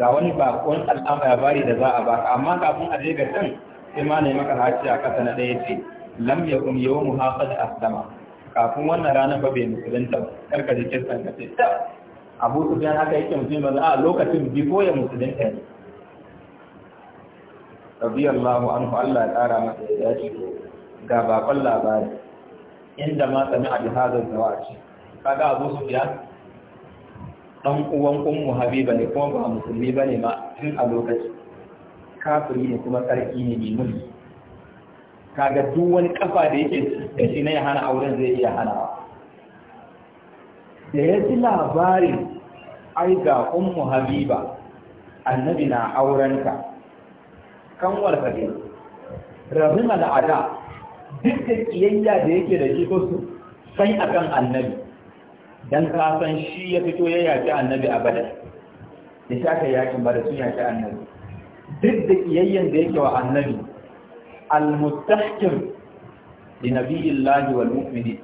ga wani bakon al'amari da za a baka amma kafin a je ga can sai ma ne maka haci a kasa na ɗaya ce lam yakun yawmu haqad aslama kafin wannan rana ba bai musulunta karka ji kirkan ka ce abu sufyan haka yake mutum ba a lokacin biko ya musulunta ne radiyallahu anhu Allah ya kara masa ya ga bakon labari inda ma sami a bihazar zawaci kaga abu su biya ɗan uwan ummu habiba ne kuma ba musulmi ba ne ma tun a lokaci kafiri ne kuma tsarki ne mai mulki kaga duk wani kafa da yake da shi na ya hana auren zai iya hanawa da ya ji labarin ai ga ummu habiba annabi na aurenta kanwarsa ne rahima da ada dukkan kiyayya da yake da shi ko su sai akan annabi dan ka san shi ya fito ya yaki annabi a badar da shaka yakin bada sun yaki annabi duk da kiyayyan da yake wa annabi al-mustahkim li nabiyillahi wal mu'minin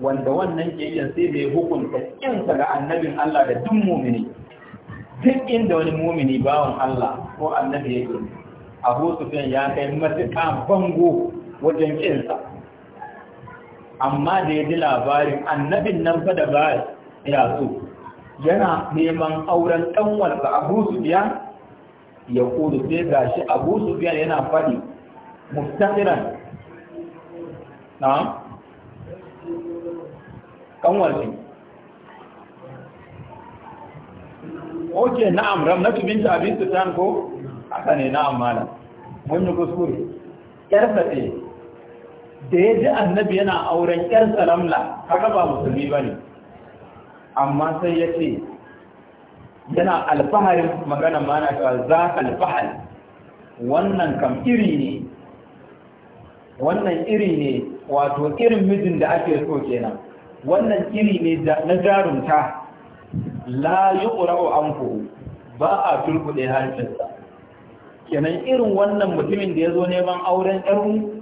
wanda wannan kiyayyan sai bai hukunta kinsa ga annabin Allah da duk mu'mini duk inda wani mu'mini bawan Allah ko annabi yake Abu Sufyan ya kai matuƙa bango wajen kinsa amma da ya ji labarin annabin nan fa da ba ya so yana neman auren ɗanwarsa abu su biya ya kudu sai ga shi abu su biya yana faɗi mustahiran na ƙanwarsa oke na'am ramnatu binta abin su ko haka ne na'am malam mun yi kuskure ƙarfafe ce da ya ji annabi yana auren ƴar salamla kaga ba musulmi ba ne amma sai ya ce yana alfaharin magana mana ka za ka alfahar. wannan kam iri ne wannan iri ne wato irin mijin da ake so kenan wannan iri ne na jarumta la yi ƙura'u an ba a turkuɗe hancinsa. kenan irin wannan mutumin da ya zo neman auren ƴarmu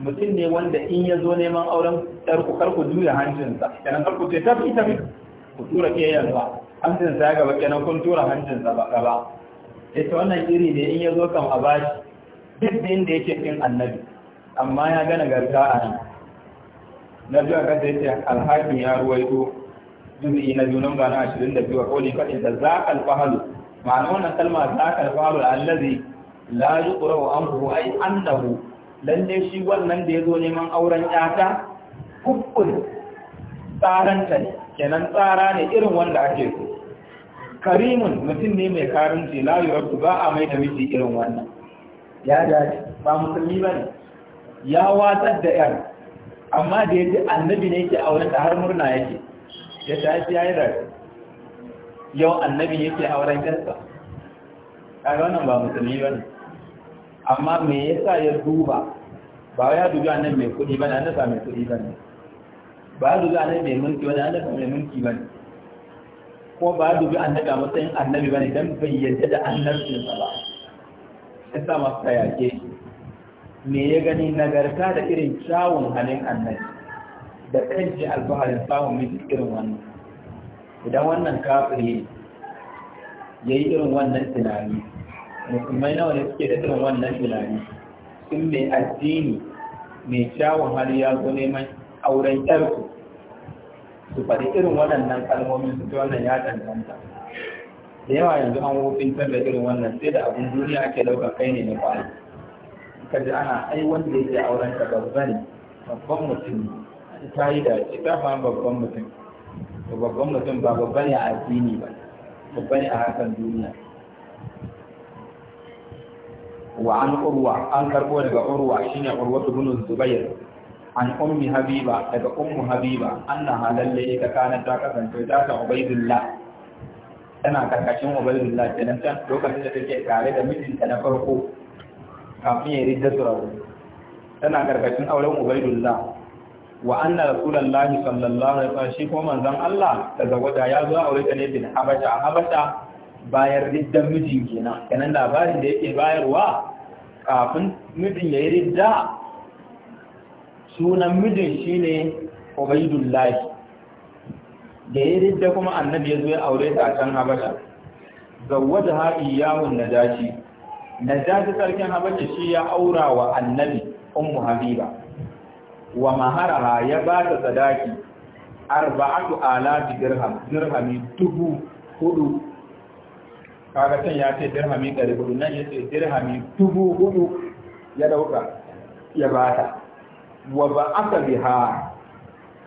mutum ne wanda in ya zo neman auren ɗarku karku juya hancinsa kenan ƙarku ce ta tafi ku tura ƙeyar ba hancinsa ya gaba kenan kun tura hancinsa ba gaba ita wannan iri ne in ya zo kan a bashi duk da inda yake ɗin annabi amma ya gana garga a nan na biyu a kasa yace alhakin ya ruwaito juzi na biyu nan ba na ashirin da biyu a koli kaɗin da za ka alfahalu ma'ana wannan kalma za ka alfahalu allazi la yuqra'u anhu ay annahu lalle shi wannan da ya zo neman auren yata kukkun tsaranta ne kenan tsara ne irin wanda ake so karimun mutum ne mai karinci layu rabtu ba a mai da miji irin wannan ya dace ba musulmi ba ne ya watsar da yar amma da ya ji annabi ne yake auren da har murna yake ya tashi ya yi da yau annabi yake auren kansa kaga wannan ba musulmi ba ne amma me yasa ya duba ba ya dubi nan mai kuɗi bane nasa mai kuɗi bane ba ya dubi mai mulki bane nasa mai mulki bane ko ba duba dubi annabi a matsayin annabi bane dan bai yarda da annabinsa ba ya sa masa ke shi me ya gani nagarta da irin kyawun halin annabi da kanshi alfaharin samun miji irin wannan idan wannan kafiri ya yi irin wannan tunani musulmai nawa ne suke da irin wannan tunani sun mai addini mai kyawun hali ya zo neman auren yarku su faɗi irin waɗannan kalmomin su wannan ya danganta da yawa yanzu an wofin da irin wannan sai da abin duniya ake ɗaukar kai ne na kwari ka ji ana ai wanda ya auren ka babban babban mutum ta yi da shi ta fa babban mutum babban mutum ba babba ne a addini ba babba ne a harkar duniya wa an urwa an karbo daga urwa shine urwa ibn zubair an ummi habiba daga ummu habiba annaha lalle ita kana ta kasance ta ta ubaidullah tana karkashin ubaidullah kenan can lokacin da take tare da mijinta na farko kafin ya ridda surawo tana karkashin auren ubaidullah wa anna rasulullahi sallallahu alaihi wasallam shi ko manzon Allah da zawada ya zo aure ta ne bin habasha habasha bayar riddan mijin kenan kanan labarin da yake bayarwa kafin mijin ya yi ridda sunan mijin shine ubaidullahi da ya ridda kuma annabi ya zo ya aure ta a can habasha yawon na iyahun najashi sarkin habasha shi ya aura wa annabi ummu habiba wa maharaha ya ba ta sadaki arba'atu alafi dirham dirhami dubu hudu kaga can ya ce dirhami ɗari hudu nan ya ce dirhami dubu hudu ya ɗauka ya bata wa ba aka biha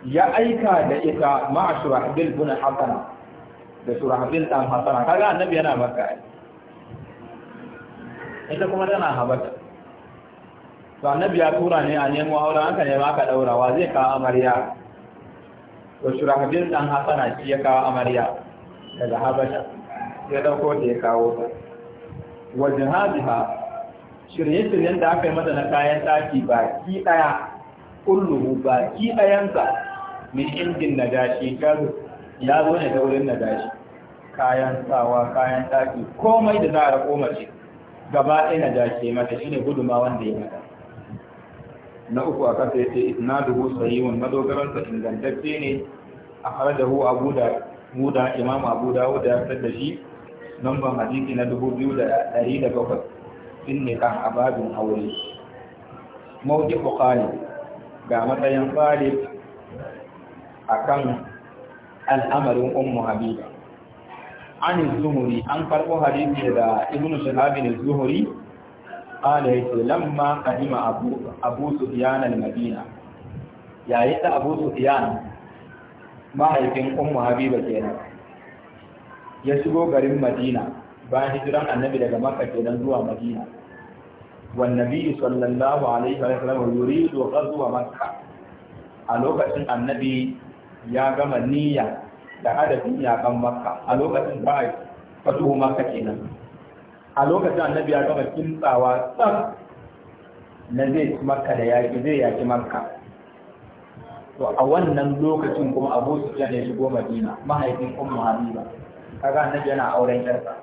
ya aika da ita ma ma'a shurahabil buna hasana da shurahabil ɗan hasana kaga annabi yana maka ita kuma tana habata to annabi ya tura ne a nemo aure auren aka nema aka ɗaura wa zai kawo amarya to shurahabil ɗan hasana shi ya kawo amarya daga habata ya dauko da ya kawo ta wa jihadiha shirye-shiryen da aka yi mata na kayan ɗaki baki ɗaya kulluhu baki ɗayansa min injin na gashi ya zo ne ta wurin na gashi kayan sawa kayan ɗaki komai da za a rako mace gaba ɗaya na gashi mata shine guduma wanda ya mata na uku a kasa dubu, isnaduhu sahihun madogaran sa ingantacce ne a harjahu abu da muda imam abu dawud da ya fitar da shi lambar hadisi na dubu biyu da ɗari da bakwai sun ne kan ababin aure mawuki bukali ga matsayin tsari a kan al'amarin ummu habiba an zuhuri an farko hadisi da ibnu shahabin zuhuri قال لما قدم أبو, Abu سفيان المدينة يا يعني إذا أبو Abu ما mahaifin أم Habiba kenan. ya shigo garin madina bayan hijiran annabi daga makka kenan zuwa madina wan nabi sallallahu alaihi wa sallam yuridu zuwa makka a lokacin annabi ya gama niyya da ya yakan makka a lokacin ba a fatuhu makka kenan a lokacin annabi ya gama kintsawa tsaf na zai ci makka da yaƙi zai yaƙi makka to a wannan lokacin kuma abu su ya shigo madina mahaifin ummu habiba kaga annabi yana auren yarsa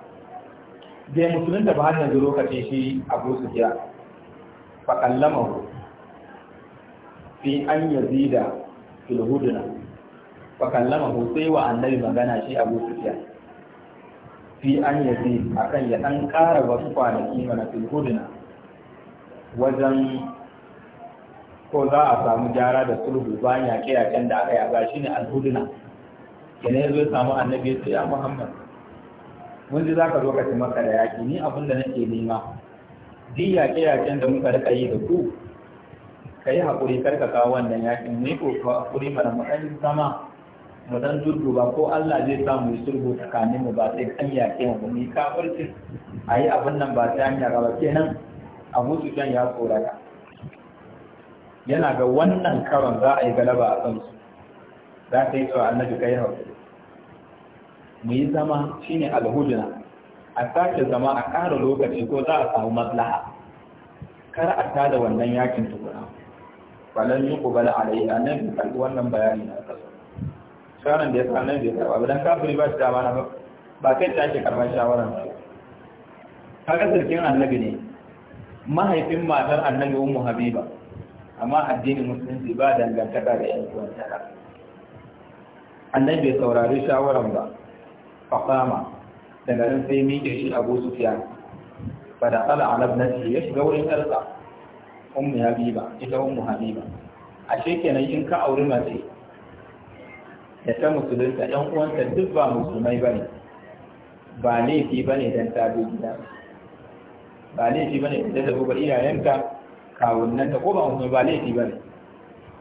bai musulunta ba har yanzu lokacin shi abu su kira fa kallamahu fi an yazida fil hudna fa kallamahu sai wa annabi magana shi abu su kira fi an yazid akan ya dan ƙara wasu kwanaki mana fil hudna wajen ko za a samu gyara da sulhu bayan yaƙe-yaƙen da aka yi a shi ne alhuduna kenan zai zo samu annabi sai ya muhammad mun ji za ka zo ka ci maka da yaƙi ni abin da nake nema duk yaƙe-yaƙen da muka rika yi da ku ka yi haƙuri kar ka kawo wannan yaƙin Mu ko ka haƙuri mana mu ɗan sama mu ɗan ba ko Allah zai sa mu yi sulhu tsakanin mu ba sai kan yaƙe mu ni kafirci a yi abin nan ba sai an yaƙa ba kenan Abu Sufyan ya tsorata yana ga wannan karon za a yi galaba a kansu za ka yi cewa annabi kai haƙuri mu yi zama shine alhujna a sake zama a ƙara lokaci ko za a samu maslaha kar a tada wannan yakin tukuna balan yi kubala nan annabi karɓi wannan bayani na kasu shawaran da ya sa annabi ya karɓa bidan kafiri ba shi dama na ba kai ta ake karɓar shawaran ba kaga sirkin annabi ne mahaifin matar annabi Umu habiba amma addinin musulunci ba dangantaka da yan uwan annabi bai saurari shawaran ba faqama daga nan sai miƙe shi abu sufyan fa da ala ala ce ya shiga wurin yarsa ummu habiba ita ummu habiba ashe kenan in ka auri mace da ta musulunta ɗan uwanta duk ba musulmai ba ne. ba laifi ne don ta bi gida ba laifi ne idan ta ba iyayenta kawunnanta ko ba musulmai ba laifi ne.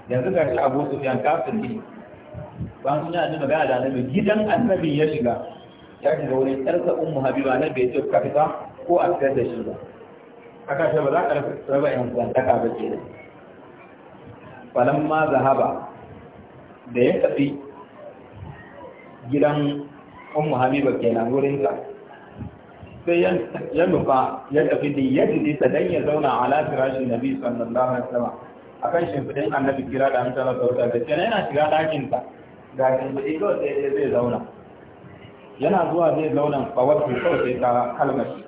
yanzu ga shi abu sufiyan kafin ne ba sun yi annabi magana da annabi gidan annabi ya shiga ya shiga wani tsarsa ummu habiba na bai ce ka fita ko a fitar da shi ba aka ce ba za ka raba yan kwantaka ba ke da falamma zahaba da ya tafi gidan ummu habiba kenan wurin sa sai ya nufa ya tafi da yadda ta dan ya zauna ala firashin nabi sallallahu alaihi wasallam akan shimfidin annabi kira da amsa da sauta da kenan yana shiga dakin sa ga shimfiɗi kawai sai zai zauna yana zuwa zai zauna a wasu sai ta kalmashi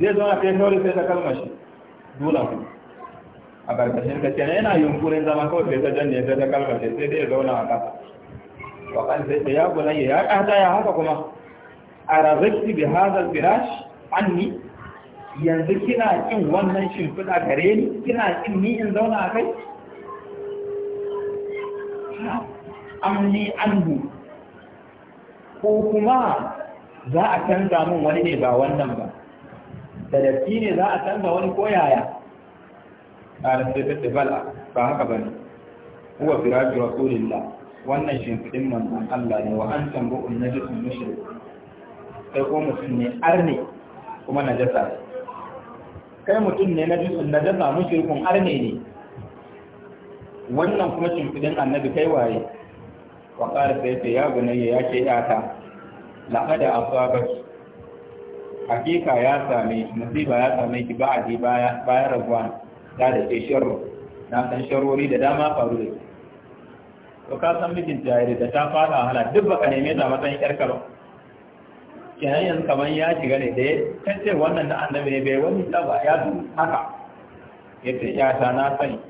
zai zauna sai kawai sai ta kalmashi dula ku a ƙarƙashin ka kenan yana yunkurin zama kawai sai ta janye sai ta kalmashi sai zai zauna a ƙasa wa kan sai ta ya bunayya ya ƙata ya haka kuma a razaki bi hazal firash anni yanzu kina kin wannan shimfiɗa gare ni kina kin ni in zauna a kai amli anhu ko kuma za a canza mun wani ne ba wannan ba da dafi ne za a canza wani koyaya. a rasu da bala ba haka ba ne kuwa firaji rasulillah wannan shimfiɗin manzan Allah ne wa an tambo un sun mushi. sai ko mutum ne arne kuma na jasa kai mutum ne na najisun mushi, mushrikun arne ne wannan kuma shimfiɗin annabi kai waye wa ƙara sai ce ya bunayya ya ce yata la'ada asabaki hakika ya sami shi musiba ya sami ki ba a ji bayan rabuwa ta da ke sharro na san sharori da dama faru da ke to ka san mijin jari da ta fada wahala duk baka neme ta matsayin yar karo kenan yanzu kamar ya shiga ne da ya ce wannan na annabi ne bai wani tsaba ya su haka ya ce ya ta na sani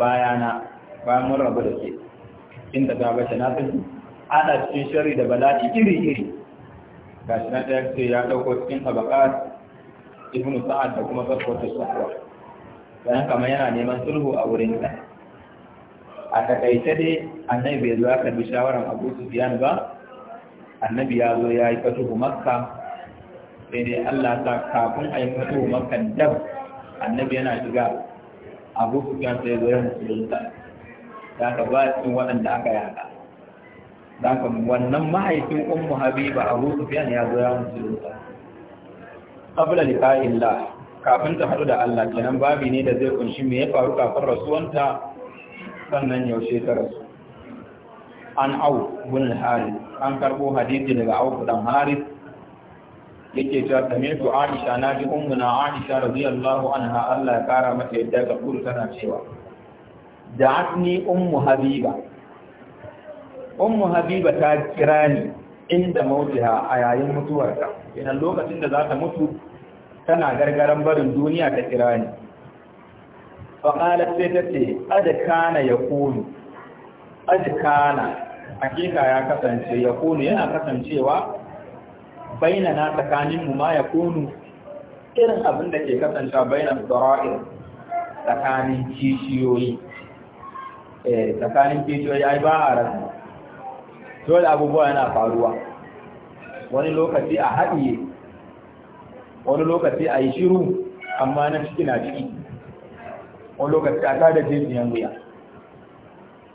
bayana bayan mun rabu da ke inda ga bace na tafi ana cikin shari da bala'i iri-iri ga shi na ɗaya ce ya ɗauko cikin tabakat ibnu sa'ad da kuma ta sahwa don kamar yana neman sulhu a wurin ta a takaice dai annabi bai zuwa ka karbi shawaran abu biyan ba annabi ya zo ya yi fatuhu makka sai dai allah ta kafin a yi fatuhu makka dab annabi yana shiga abu biyan sai zo ya musulunta da ka ba su waɗanda aka yaka da ka wannan mahaifin ummu habiba abu sufyan ya zo ya musulunta qabla liqa'illah kafin ta haɗu da Allah kenan babi ne da zai kunshi me ya faru kafin rasuwanta sannan yaushe ta rasu an au bin harith an karbo hadisi daga au dan harith yake cewa su aisha na ji ummuna aisha radiyallahu anha Allah ya kara mata yadda ga kuru tana cewa da'atni ummu habiba ummu habiba ta kira ni inda mautiha a yayin mutuwarta idan lokacin da za ta mutu tana gargaran barin duniya ta kira ni qalat sai ta ce adikana ya kunu adikana hakika ya kasance ya yana kasancewa baina na tsakaninmu ma ya irin abin da ke kasancewa baina zara'ir tsakanin kishiyoyi eh tsakanin kishiyoyi ai ba a dole abubuwa yana faruwa wani lokaci a haɗiye wani lokaci a yi shiru amma na ciki na ciki wani lokaci a jirgin jinsiyan wuya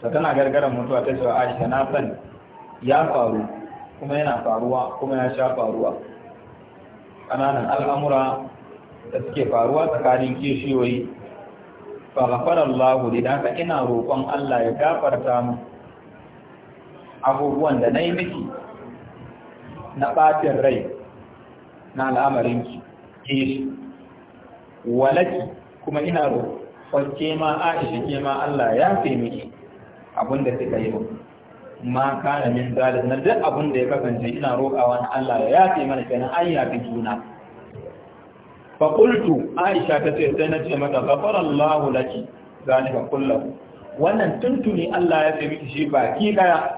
ta tana gargaran mutuwa ta cewa aisha na san ya faru kuma yana faruwa kuma ya sha faruwa ƙananan al'amura da suke faruwa tsakanin kishiyoyi faghfara Allah li haka ina roƙon Allah ya gafarta mu abubuwan da nayi miki na ɓatin rai na al'amarin ki ke walaki kuma ina roƙon ke ma Aisha ke ma Allah ya fi miki abin da kika yi ma kana min zalim na duk abin da ya kasance ina roƙawa Allah ya fi mana kenan an yafi juna faƙultu aisha ta ce sai na ce mata lahu laki zalika kullahu wannan tuntuni Allah ya tsaye miki shi baki ɗaya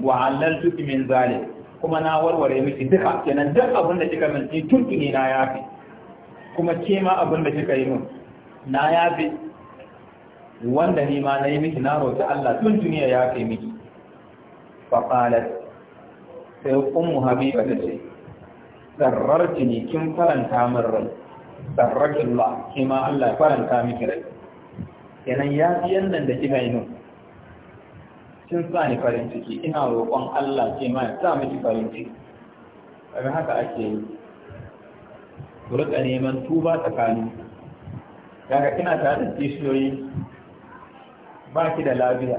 wa halaltu min zane. kuma na warware miki duka kenan duk abin da kika min tuntuni na yafi kuma ke ma abin da kika yi min na yafi wanda ni ma na yi miki na roƙi Allah tuntuni ya yafi miki fa sai ummu habiba ta ce sarrarki ne kin faranta min rai sarrakin ba shi ma Allah faranta miki rai kenan ya fi yannan da kika yi nun kin sa ni farin ciki ina roƙon Allah ke ma ya sa miki farin ciki daga haka ake yi ku rika neman tuba tsakanin daga kina tare da kishiyoyi ba ki da lafiya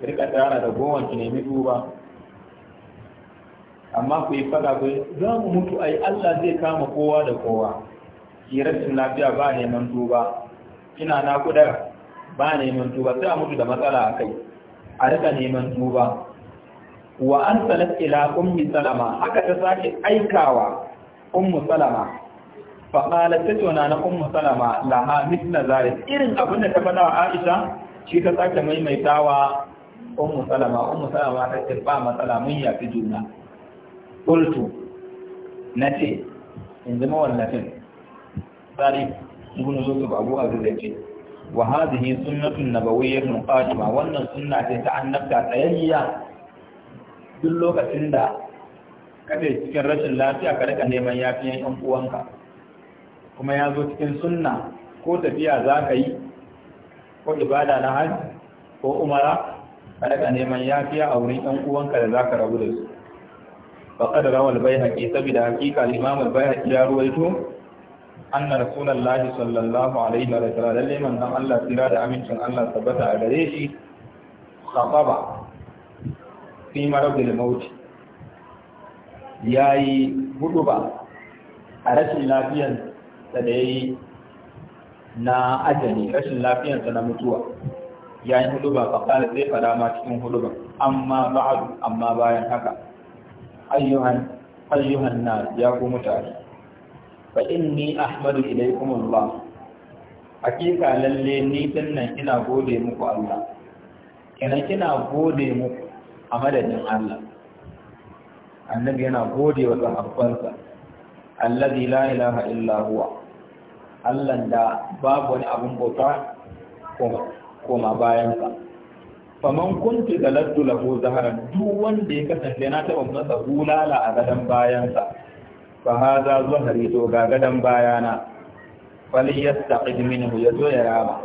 ki rika tsara da gowan ki nemi tuba amma ku yi faɗa ku za mu mutu ai Allah zai kama kowa da kowa ki lafiya ba neman tuba kina nakuda ba neman tuba sai a mutu da matsala a kai a rika neman tuba wa an salat ila ummi salama haka ta sake aikawa ummu salama fa qalat tuna na ummu salama laha mithla zalik irin abin da ta faɗa wa Aisha shi ta sake maimaitawa ummu salama ummu salama ta ce ba matsala mun yafi juna qultu nace in ji mawallafin tsari ibn yusuf abu aziz ya ce wa hadhihi sunnatun nabawiyyatun qatima wannan sunna ce ta annabta tsayayya duk lokacin da kace cikin rashin lafiya ka rika neman yafiyan yan uwanka kuma ya zo cikin sunna ko tafiya za ka yi ko ibada na hajji ko umara ka rika neman yafiya a wurin yan uwanka da za ka rabu da su faqad rawal bayhaqi sabida haqiqa al-imam al-bayhaqi ya ruwaito anna rasulullahi sallallahu alaihi wa sallam lalle manzon Allah tira da amincin Allah tabbata a gare shi khataba fi marabil maut yayi huduba a rashin lafiyan sa da yayi na ajali rashin lafiyan sa na mutuwa yayin huduba fa kana sai fada ma cikin huduba amma ba'du amma bayan haka ayyuhan ayyuhan nas ya ku mutane fa inni ahmadu ilaikum Allah hakika lalle ni dinnan ina gode muku Allah kenan kina gode muku a madadin Allah annabi yana gode wa sahabbansa allazi la ilaha illa huwa Allah da babu wani abun bauta koma bayansa faman kuntu galattu lahu zaharan duk wanda ya kasance na taɓa masa hulala a gadon bayansa fa haza zuhri to ga gadan bayana fal yastaqid minhu yazo ya rama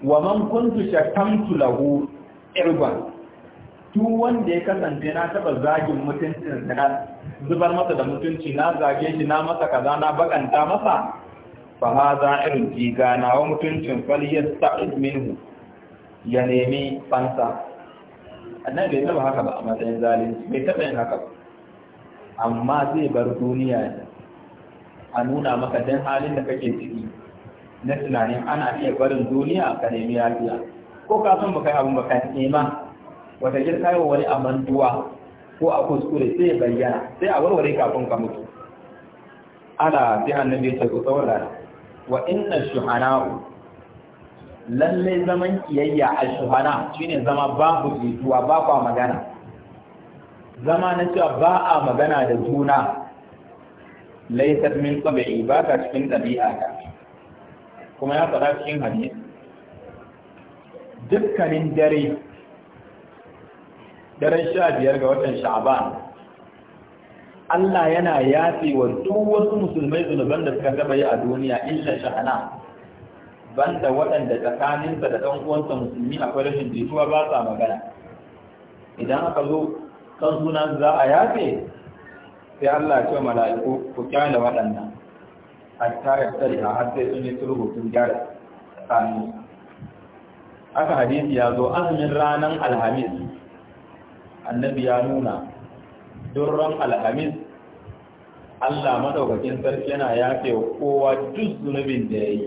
wa man kuntu shakamtu lahu irban tu wanda ya kasance na taɓa zagin mutuncin sa zubar masa da mutunci na zage shi na masa kaza na bakanta masa fa haza irin jigana wa mutuncin fal yastaqid minhu ya nemi fansa Annan bai taba haka ba a matsayin zalunci bai taɓa yin haka ba amma zai bar duniya a nuna maka dan halin da kake ciki na tunanin ana iya barin duniya ka nemi lafiya ko ka san baka abin baka nema wata yi wa wani amantuwa ko a kuskure sai ya bayyana sai a warware kafin ka mutu ala sai annabi ya ce saurara wa inna shuhana'u lallai zaman kiyayya a shuhana shine zama babu jituwa ba magana zama na cewa ba a magana da juna laisar min tsabi'i ba ka cikin ɗabi'a ka kuma ya faɗa cikin hadisi dukkanin dare daren sha biyar ga watan sha'aban Allah yana yafe wa duk wasu musulmai zunuban da suka taba yi a duniya illa sha'ana banda waɗanda tsakaninsa da ɗan uwansa musulmi akwai rashin jituwa ba sa magana idan aka zo kan sunan za a yafe sai Allah ce mala'iku ku kyale waɗannan hatta ya tsari a har sun yi sulhu sun gyara tsakanin aka hadisi ya zo azumin ranar alhamis annabi ya nuna durran alhamis Allah madaukakin sarki yana yafe wa kowa duk zunubin da ya yi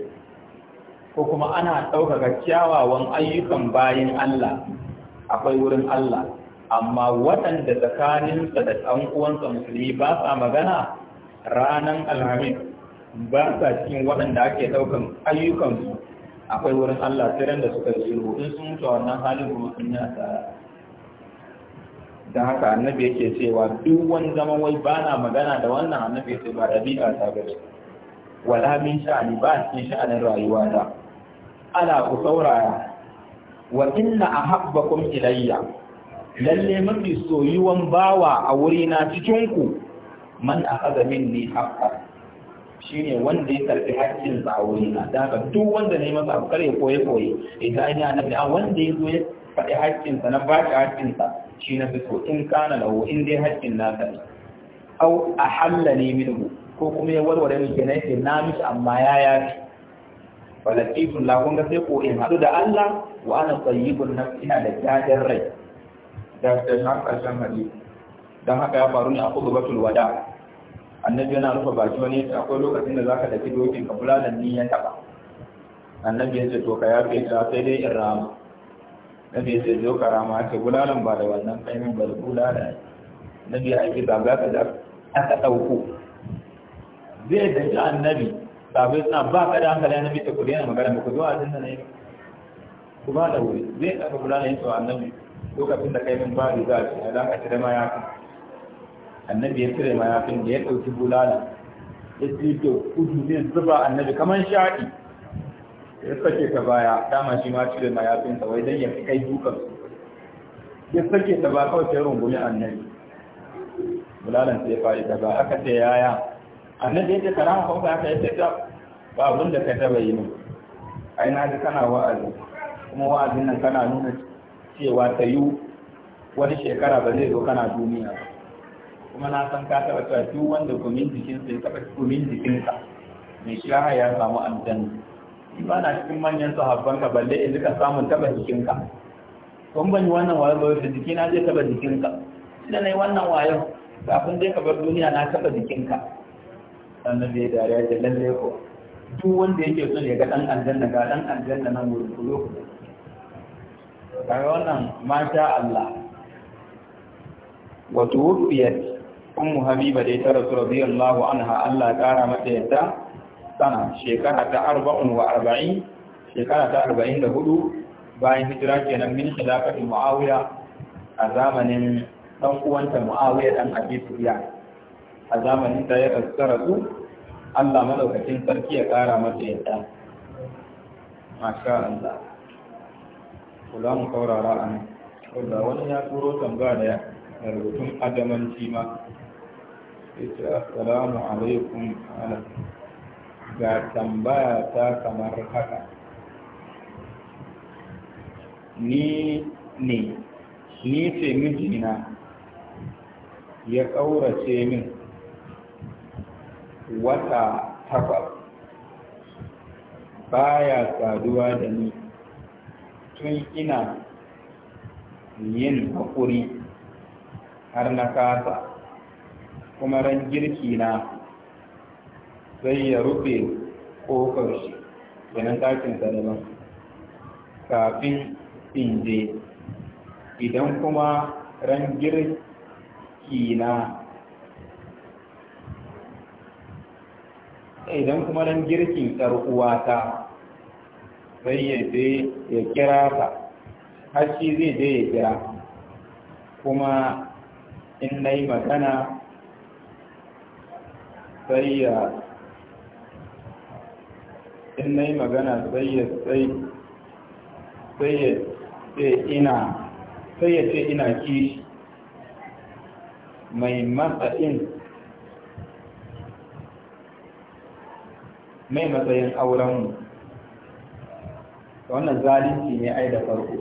ko kuma ana ɗaukaka kyawawan ayyukan bayan Allah akwai wurin Allah amma waɗanda tsakaninsa da ɗan uwansa musulmi ba sa magana ranan alhamis ba sa cikin waɗanda ake ɗaukan ayyukansu akwai wurin Allah tiran da suka yi in sun mutu wannan halin kuma sun yi asara da haka annabi yake cewa duk wani zaman wai ba na magana da wannan annabi ya ce ba ɗabi'a ta gaji. wala min sha'ani ba cikin sha'anin rayuwa ta ala ku saurara wa inna ahabbakum ilayya lalle mafi soyuwan bawa a wurina cikinku man ne minni haqqan shine wanda ya karbi haƙƙin sa a wurina da daga duk wanda ne masa abu kare koye koye idan ya nabi a wanda ya zo ya faɗi haƙƙin sa na baki shi haƙƙin sa shi na fi so in kana lahu in dai haƙƙin nasa ne au ahalla ne minhu ko kuma ya warware min kenan ke na mishi amma ya yafi falatifun la ga sai ko in haɗu da Allah wa ana tayyibun nafsi ina da dadin rai da har ƙarshen hadisi don haka ya faru ne a kudubatul wada annabi yana rufe baki wani ta akwai lokacin da zaka daki dokin ka kula da ni ya annabi ya ce to ka yafe ta sai dai in rama nabi ya ce zo ka rama ce bulalan ba da wannan kaimin ba da bulala nabi ya aiki zaga ka da aka ɗauko zai daki annabi sabai suna ba ka da hankali annabi ta kudi yana magana ba ku zo a jinsa na ku ba da wuri zai ɗaga bulala yin tsawa annabi lokacin da kai mun ba riga ce a cire mayafin annabi ya cire mayafin da ya ɗauki bulala ya ci da kudu ne zuba annabi kamar shaɗi ya sake ta baya dama shi ma cire mayafin sa wai dan ya fi kai dukan ya sake ta ba kawai sai rungumi annabi bulalan sai ya faɗi ta ba aka ce yaya annabi ya ce karama kawai ya ce ta ba abin da ka taɓa yi min ai na ji kana wa'azi kuma wa'azin nan kana nuna cewa ta yi wani shekara ba zai zo kana duniya kuma na san ka taɓa cewa duk wanda gumin jikinsa ya taɓa gumin jikinka. mai shiraha ya samu aljanna ba na cikin manyan sahabban ka balle in ka samu taɓa jikinka kun ban wannan wayo ba da jikina zai taɓa jikinka da na yi wannan wayo kafin dai ka bar duniya na taɓa jikinka sannan zai dariya da lalle ko duk wanda yake son ya ga ɗan aljanna ga ɗan aljanna nan wurin kulo kulo kaga wannan masha Allah wato wufiyar ummu habiba dai ta rasu radiyallahu anha Allah kara mata yadda sana shekara ta arba'un wa arba'in shekara ta arba'in da hudu bayan hijira kenan min khilafati muawiya a zamanin dan uwanta muawiya dan abi sufyan a zamanin da ya rasu Allah madaukakin sarki ya kara mata yadda masha Allah za mu kaurara a nan wanda wani ya turo tambaya daya da rubutun adamanci ma ita assalamu alaikum ga tambaya ta kamar haka ni ne ni ce mijina ya ƙaurace min wata takwas baya saduwa da ni tun ina yin haƙuri har na kasa kuma ran girki na sai ya rufe ƙofar shi kenan ɗakin daban kafin in je idan kuma ran girki na idan kuma ran girkin ta sai yi je ya kira ka har zai je ya kira kuma in na yi magana sai ya in na yi magana sai ya sai ya ce ina sai ya ce ina kishi mai matsayin mai matsayin aurenmu wannan zalunci ne ai da farko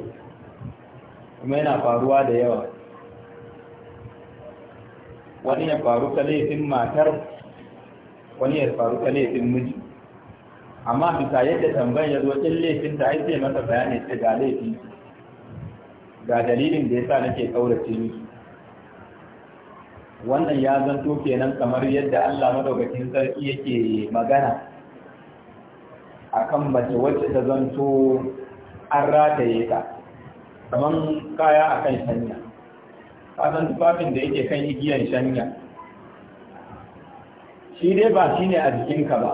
kuma yana faruwa da yawa wani ya faru ta laifin matar wani ya faru ta laifin miji amma bisa yadda tambayar ya zo laifin da ai masa bayani ta ga laifin ga dalilin da yasa nake kaurace ni wannan ya zanto kenan kamar yadda Allah madaukakin sarki yake magana akan mace wacce ta zanto an rataye ta kaman kaya akan shanya kasan tufafin da yake kan igiyan shanya shi dai ba shi ne a jikinka ba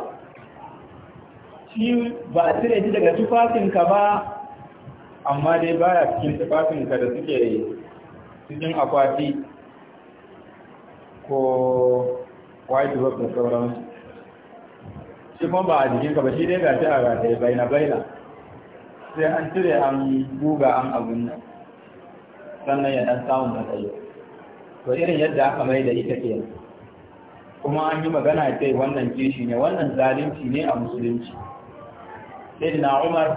shi ba a cire shi daga tufafinka ba amma dai ba ya cikin tufafinka da suke cikin akwati ko white rock da sauransu shi kuma ba a ka ba shi dai gashi a rataye baina baina sai an cire an buga an abun nan sannan ya dan samun matsayi to irin yadda aka mai da ita ke kuma an yi magana yi wannan kishi ne wannan zalunci ne a musulunci sai na umar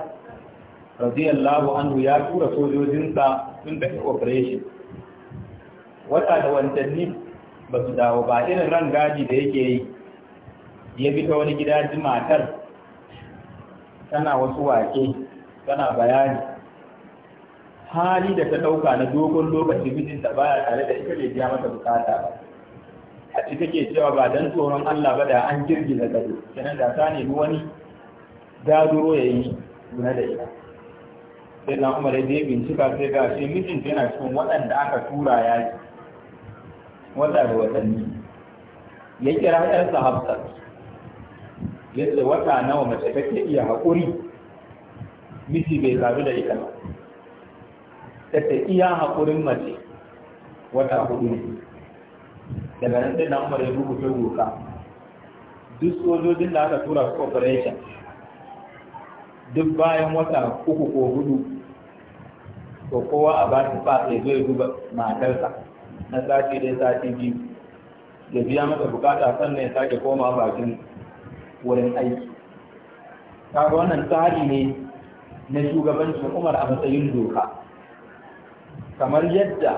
radiyallahu anhu ya tura sojojinsa sun tafi operation wata da watanni ba su dawo ba irin ran gaji da yake yi ya bi ta wani gida ji matar tana wasu wake tana bayani hali da ta ɗauka na dogon lokaci mijinta baya tare da ita bai biya mata bukata ba a ci take cewa ba dan tsoron Allah ba da an da gado kenan da ta nemi wani daduro ya yi guna da ita sai na umar ya bincika sai ga shi mijinta yana cikin waɗanda aka tura ya wata da watanni ya kira 'yarsa hafsat yace wata nawa mace take iya haƙuri miji bai zabi da ita ba tace iya haƙurin mace wata hudu ne daga nan sai na umar ya rubuta doka duk sojojin da aka tura su operation duk bayan wata uku ko hudu to kowa a ba su fa ya zo ya duba matarsa na sati dai sati biyu ya biya masa bukata sannan ya sake koma bakin wurin aiki kaga wannan tsari ne na shugabancin umar a matsayin doka kamar yadda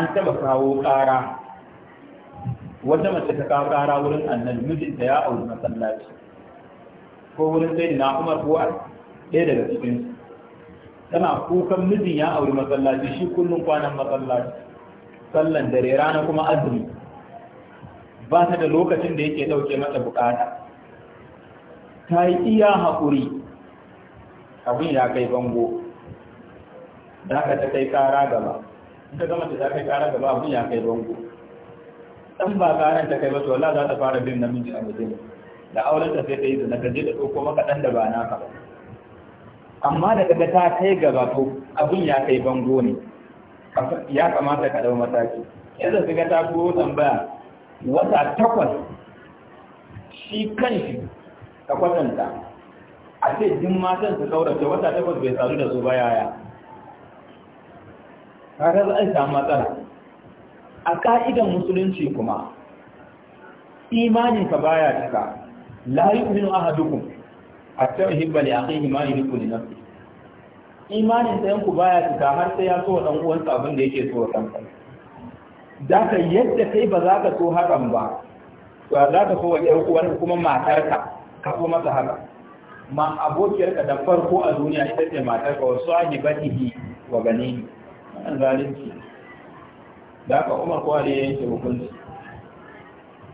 an taba kawo ƙara wata mace ta kawo ƙara wurin annan mijinta ya auri masallaci ko wurin sai na umar ko ɗaya daga cikin tana kukan mijin ya auri masallaci shi kullum kwanan masallaci sallan dare rana kuma azumi ba ta da lokacin da yake ɗauke mata bukata ta yi iya haƙuri abin ya kai bango da ka ta kai ƙara gaba in ka gama ta kai ƙara gaba abin ya kai bango ɗan ba ƙaran ta kai ba to Allah za ta fara bin namiji a wajen da auren ta sai ta yi da, ka je da ko maka ɗan da ba na ka amma da kaga ta kai gaba to abin ya kai bango ne ya kamata ka ɗau mataki yadda kaga ta kuro tambaya wata takwas shi kan shi ka kwatanta a ce jin matan su kaurace wata takwas bai sadu da su ba yaya kaga za a samu matsala a ka'idan musulunci kuma ka baya cika la yu'minu ahadukum hatta yuhibba a akhihi ma yuhibbu na su. imanin sayan yanku baya cika har sai ya so wa ɗan uwansa abin da yake so wa kansa da ka yadda kai ba za ka so hakan ba Ba za ka so wa ɗan uwanka kuma matarka ka so masa haka ma abokiyarka da farko a duniya ita ce matar ka wasu ahi batihi wa gani wannan zalunci da ka umar kowa da yanke hukunci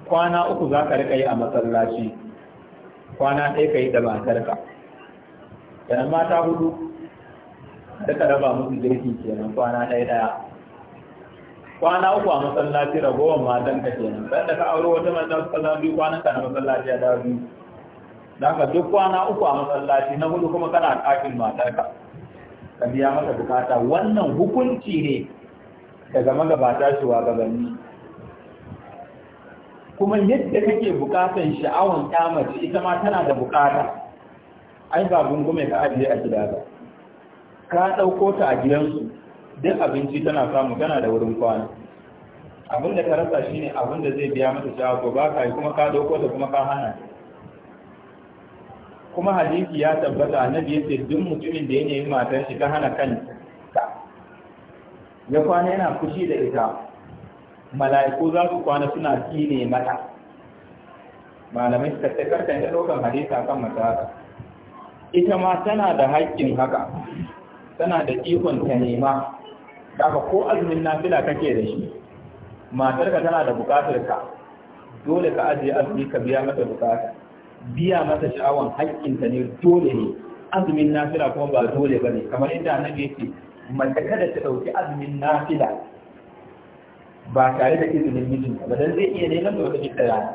kwana uku za ka rika yi a masallaci kwana ɗaya ka yi da matarka kenan mata hudu da ka raba musu girki kenan kwana ɗaya ɗaya kwana uku a masallaci ragowar matan ka kenan bayan da ka auro wata mata su kwanan ka na masallaci ya dawo biyu daga duk kwana uku a masallaci na hudu kuma kana ɗakin matarka ka biya masa bukata wannan hukunci ne daga magabata gabanni kuma yadda kake bukatan sha'awan kyamace ita ma tana da bukata ai ba gungume ka ajiye a gida ba ka ɗauko ta a gidansu duk abinci tana samu tana da wurin kwana abinda ka rasa shine abinda zai biya mata sha'awa ko ba ka yi kuma ka ɗauko ta kuma ka hana ta kuma hadisi ya tabbata annabi ce duk mutumin da ya nemi matar shi ta hana kanta ya kwana yana fushi da ita mala'iku za su kwana suna kine mata malamai suka ce karkan ya ɗaukan hadisa kan matara ita ma tana da haƙƙin haka tana da ikon ta nema daga ko azumin nafila kake da shi matarka tana da buƙatar ka dole ka ajiye azumi ka biya mata buƙata biya mata sha'awan haƙƙinta ne dole ne azumin nafila kuma ba dole ba ne kamar yadda annabi yake mace kada ta ɗauki azumin nafila ba tare da izinin mijinta ba dan zai iya neman da wata ita rana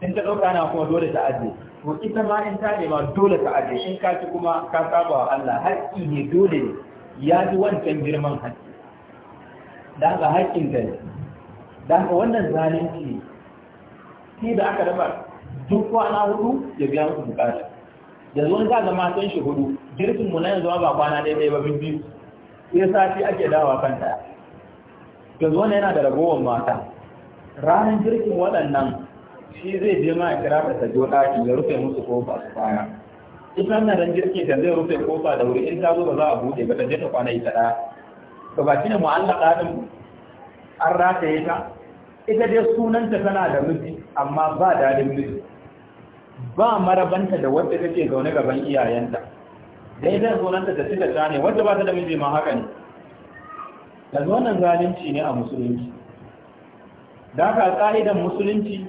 in ta ɗauka na kuma dole ta aje to ita ma in ta nema dole ta aje in ka ci kuma ka saba wa Allah haƙƙi ne dole ne ya ji wancan girman haƙƙi da ga haƙƙin ta ne da ga wannan zalunci ne shi da aka raba duk kwana hudu ya biya musu bukata Yanzu wani za ga matan shi hudu girkin mu na yanzu ba kwana ɗaya ɗaya ba bin biyu sai sati ake dawa ta Yanzu wani yana da ragowar mata ranar girkin waɗannan shi zai je ma a kira ta sajo ɗaki ya rufe musu kofa su kwana ita nan ran girki ta zai rufe kofa da wuri in ta zo ba za a buɗe ba ta je ta kwana ita ɗaya ba ba shi ne mu'allaka ɗin an rataye ta ita dai sunanta tana da miji amma ba daɗin miji ba marabanta da wadda take zaune gaban iyayenta dai zan zonanta da suka gane wadda ba ta da miji ma haka ne Da wannan zalunci ne a musulunci da ka ka'idan musulunci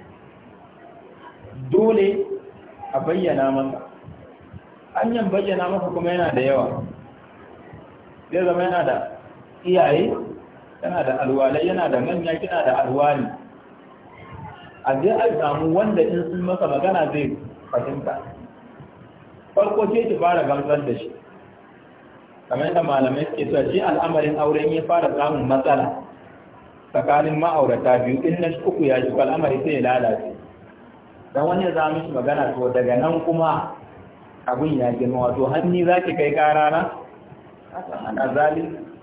dole a bayyana masa hanyar bayyana masa kuma yana da yawa zai zama yana da iyaye yana da alwalai yana da manya kina da alwali a je a samu wanda in sun masa magana zai fahimta farko ce ki fara gamsar da shi kamar da malamai suke cewa shi al'amarin auren ya fara samun matsala tsakanin ma'aurata biyu in na uku ya ji al'amari sai ya lalace Don wani za mishi magana to daga nan kuma abin ya girma wato hanni za ki kai karana na zalin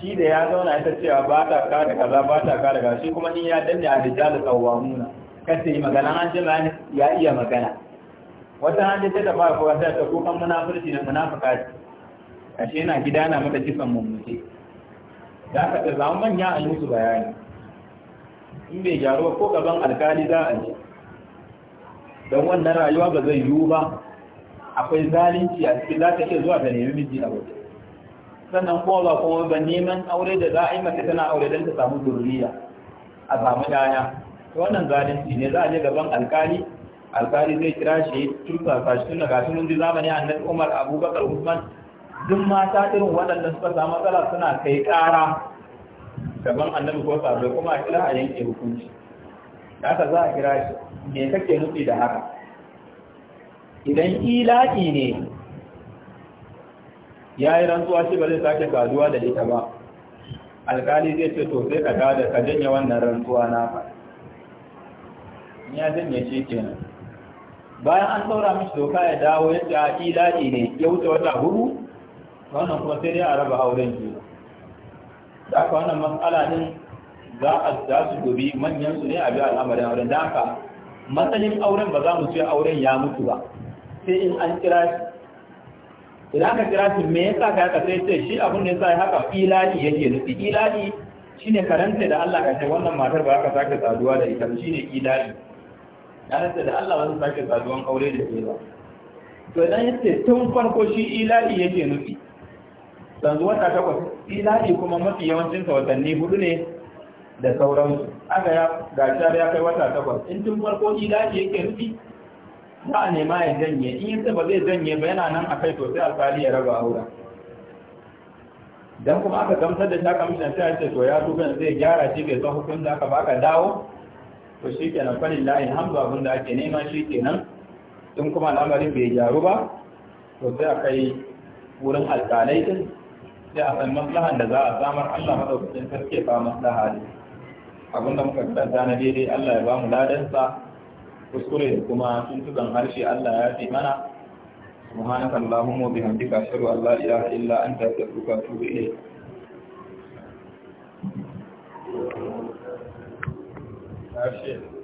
shi da ya zauna ya cewa ba ta ka da kaza ba ta ka da kaza shi kuma ni ya danne a rijalu qawwamuna kace yi magana an jima ya iya magana wata hannun ta tafa ko ta ta ko kan munafurci na munafika ce ashe yana gida na mata kisan mummuke da ka ta zama manya a musu bayani in bai gyaru ko gaban alkali za a ji don wannan rayuwa ba zai yiwu ba akwai zalunci a cikin za ta iya zuwa ta nemi miji a waje sannan kuma ba kuma ba neman aure da za a yi mace tana aure don ta samu zurriya a samu ɗaya wannan zalunci ne za a je gaban alkali alkali zai kira shi turka shi tun daga tun mun zamani nan Umar Abubakar Usman duk mata irin waɗannan suka samu matsala suna kai ƙara gaban annabi ko sabai kuma a kira a yanke hukunci haka za a kira shi me kake nufi da haka idan ila'i ne ya yi rantsuwa shi ba zai sake saduwa da ita ba alkali zai ce to sai ka gada ka janye wannan rantsuwa na ba ya janye ce kenan bayan an saura mishi doka ya dawo yadda a daɗi ne ya wuce wata hudu wannan kuma sai dai a raba auren ke da aka wannan matsala din za a za su gobi manyan su ne a biya al'amarin auren da aka matsalin auren ba za mu ce auren ya mutu ba sai in an kira shi. idan aka kira shi me yasa ka haka sai ce shi abun da yasa haka ilani yake nufi shi shine karanta da Allah ka ce wannan matar ba ka sake saduwa da ita shine ilani karanta da Allah wani sake saduwan aure da ke ba to idan ce tun farko shi ilani yake nufi Sanzu wata takwas ilani kuma mafi yawancin sa watanni hudu ne da sauransu aka ya gashar ya kai wata takwas in tun farko ilani yake nufi za a nema ya janye in yi ba zai janye ba yana nan a kai to sai alkali ya raba aura dan kuma aka gamsar da shaka mishan sai ya ce to ya tuban zai gyara shi bai san hukun da aka baka dawo to shi ke nan falin layin hamdu abin da ake nema shi kenan in kuma al'amarin bai gyaru ba to sai a kai wurin alkalai din sai a san maslahan da za a samar Allah maɗaukacin sarki ba maslaha ne abinda muka karanta na daidai Allah ya ba mu ladansa kuskure da kuma tuntuban harshe Allah ya fi mana subhanaka allahumma bihamdika ashhadu an la ilaha illa anta astaghfiruka wa atubu ilayk Thank you.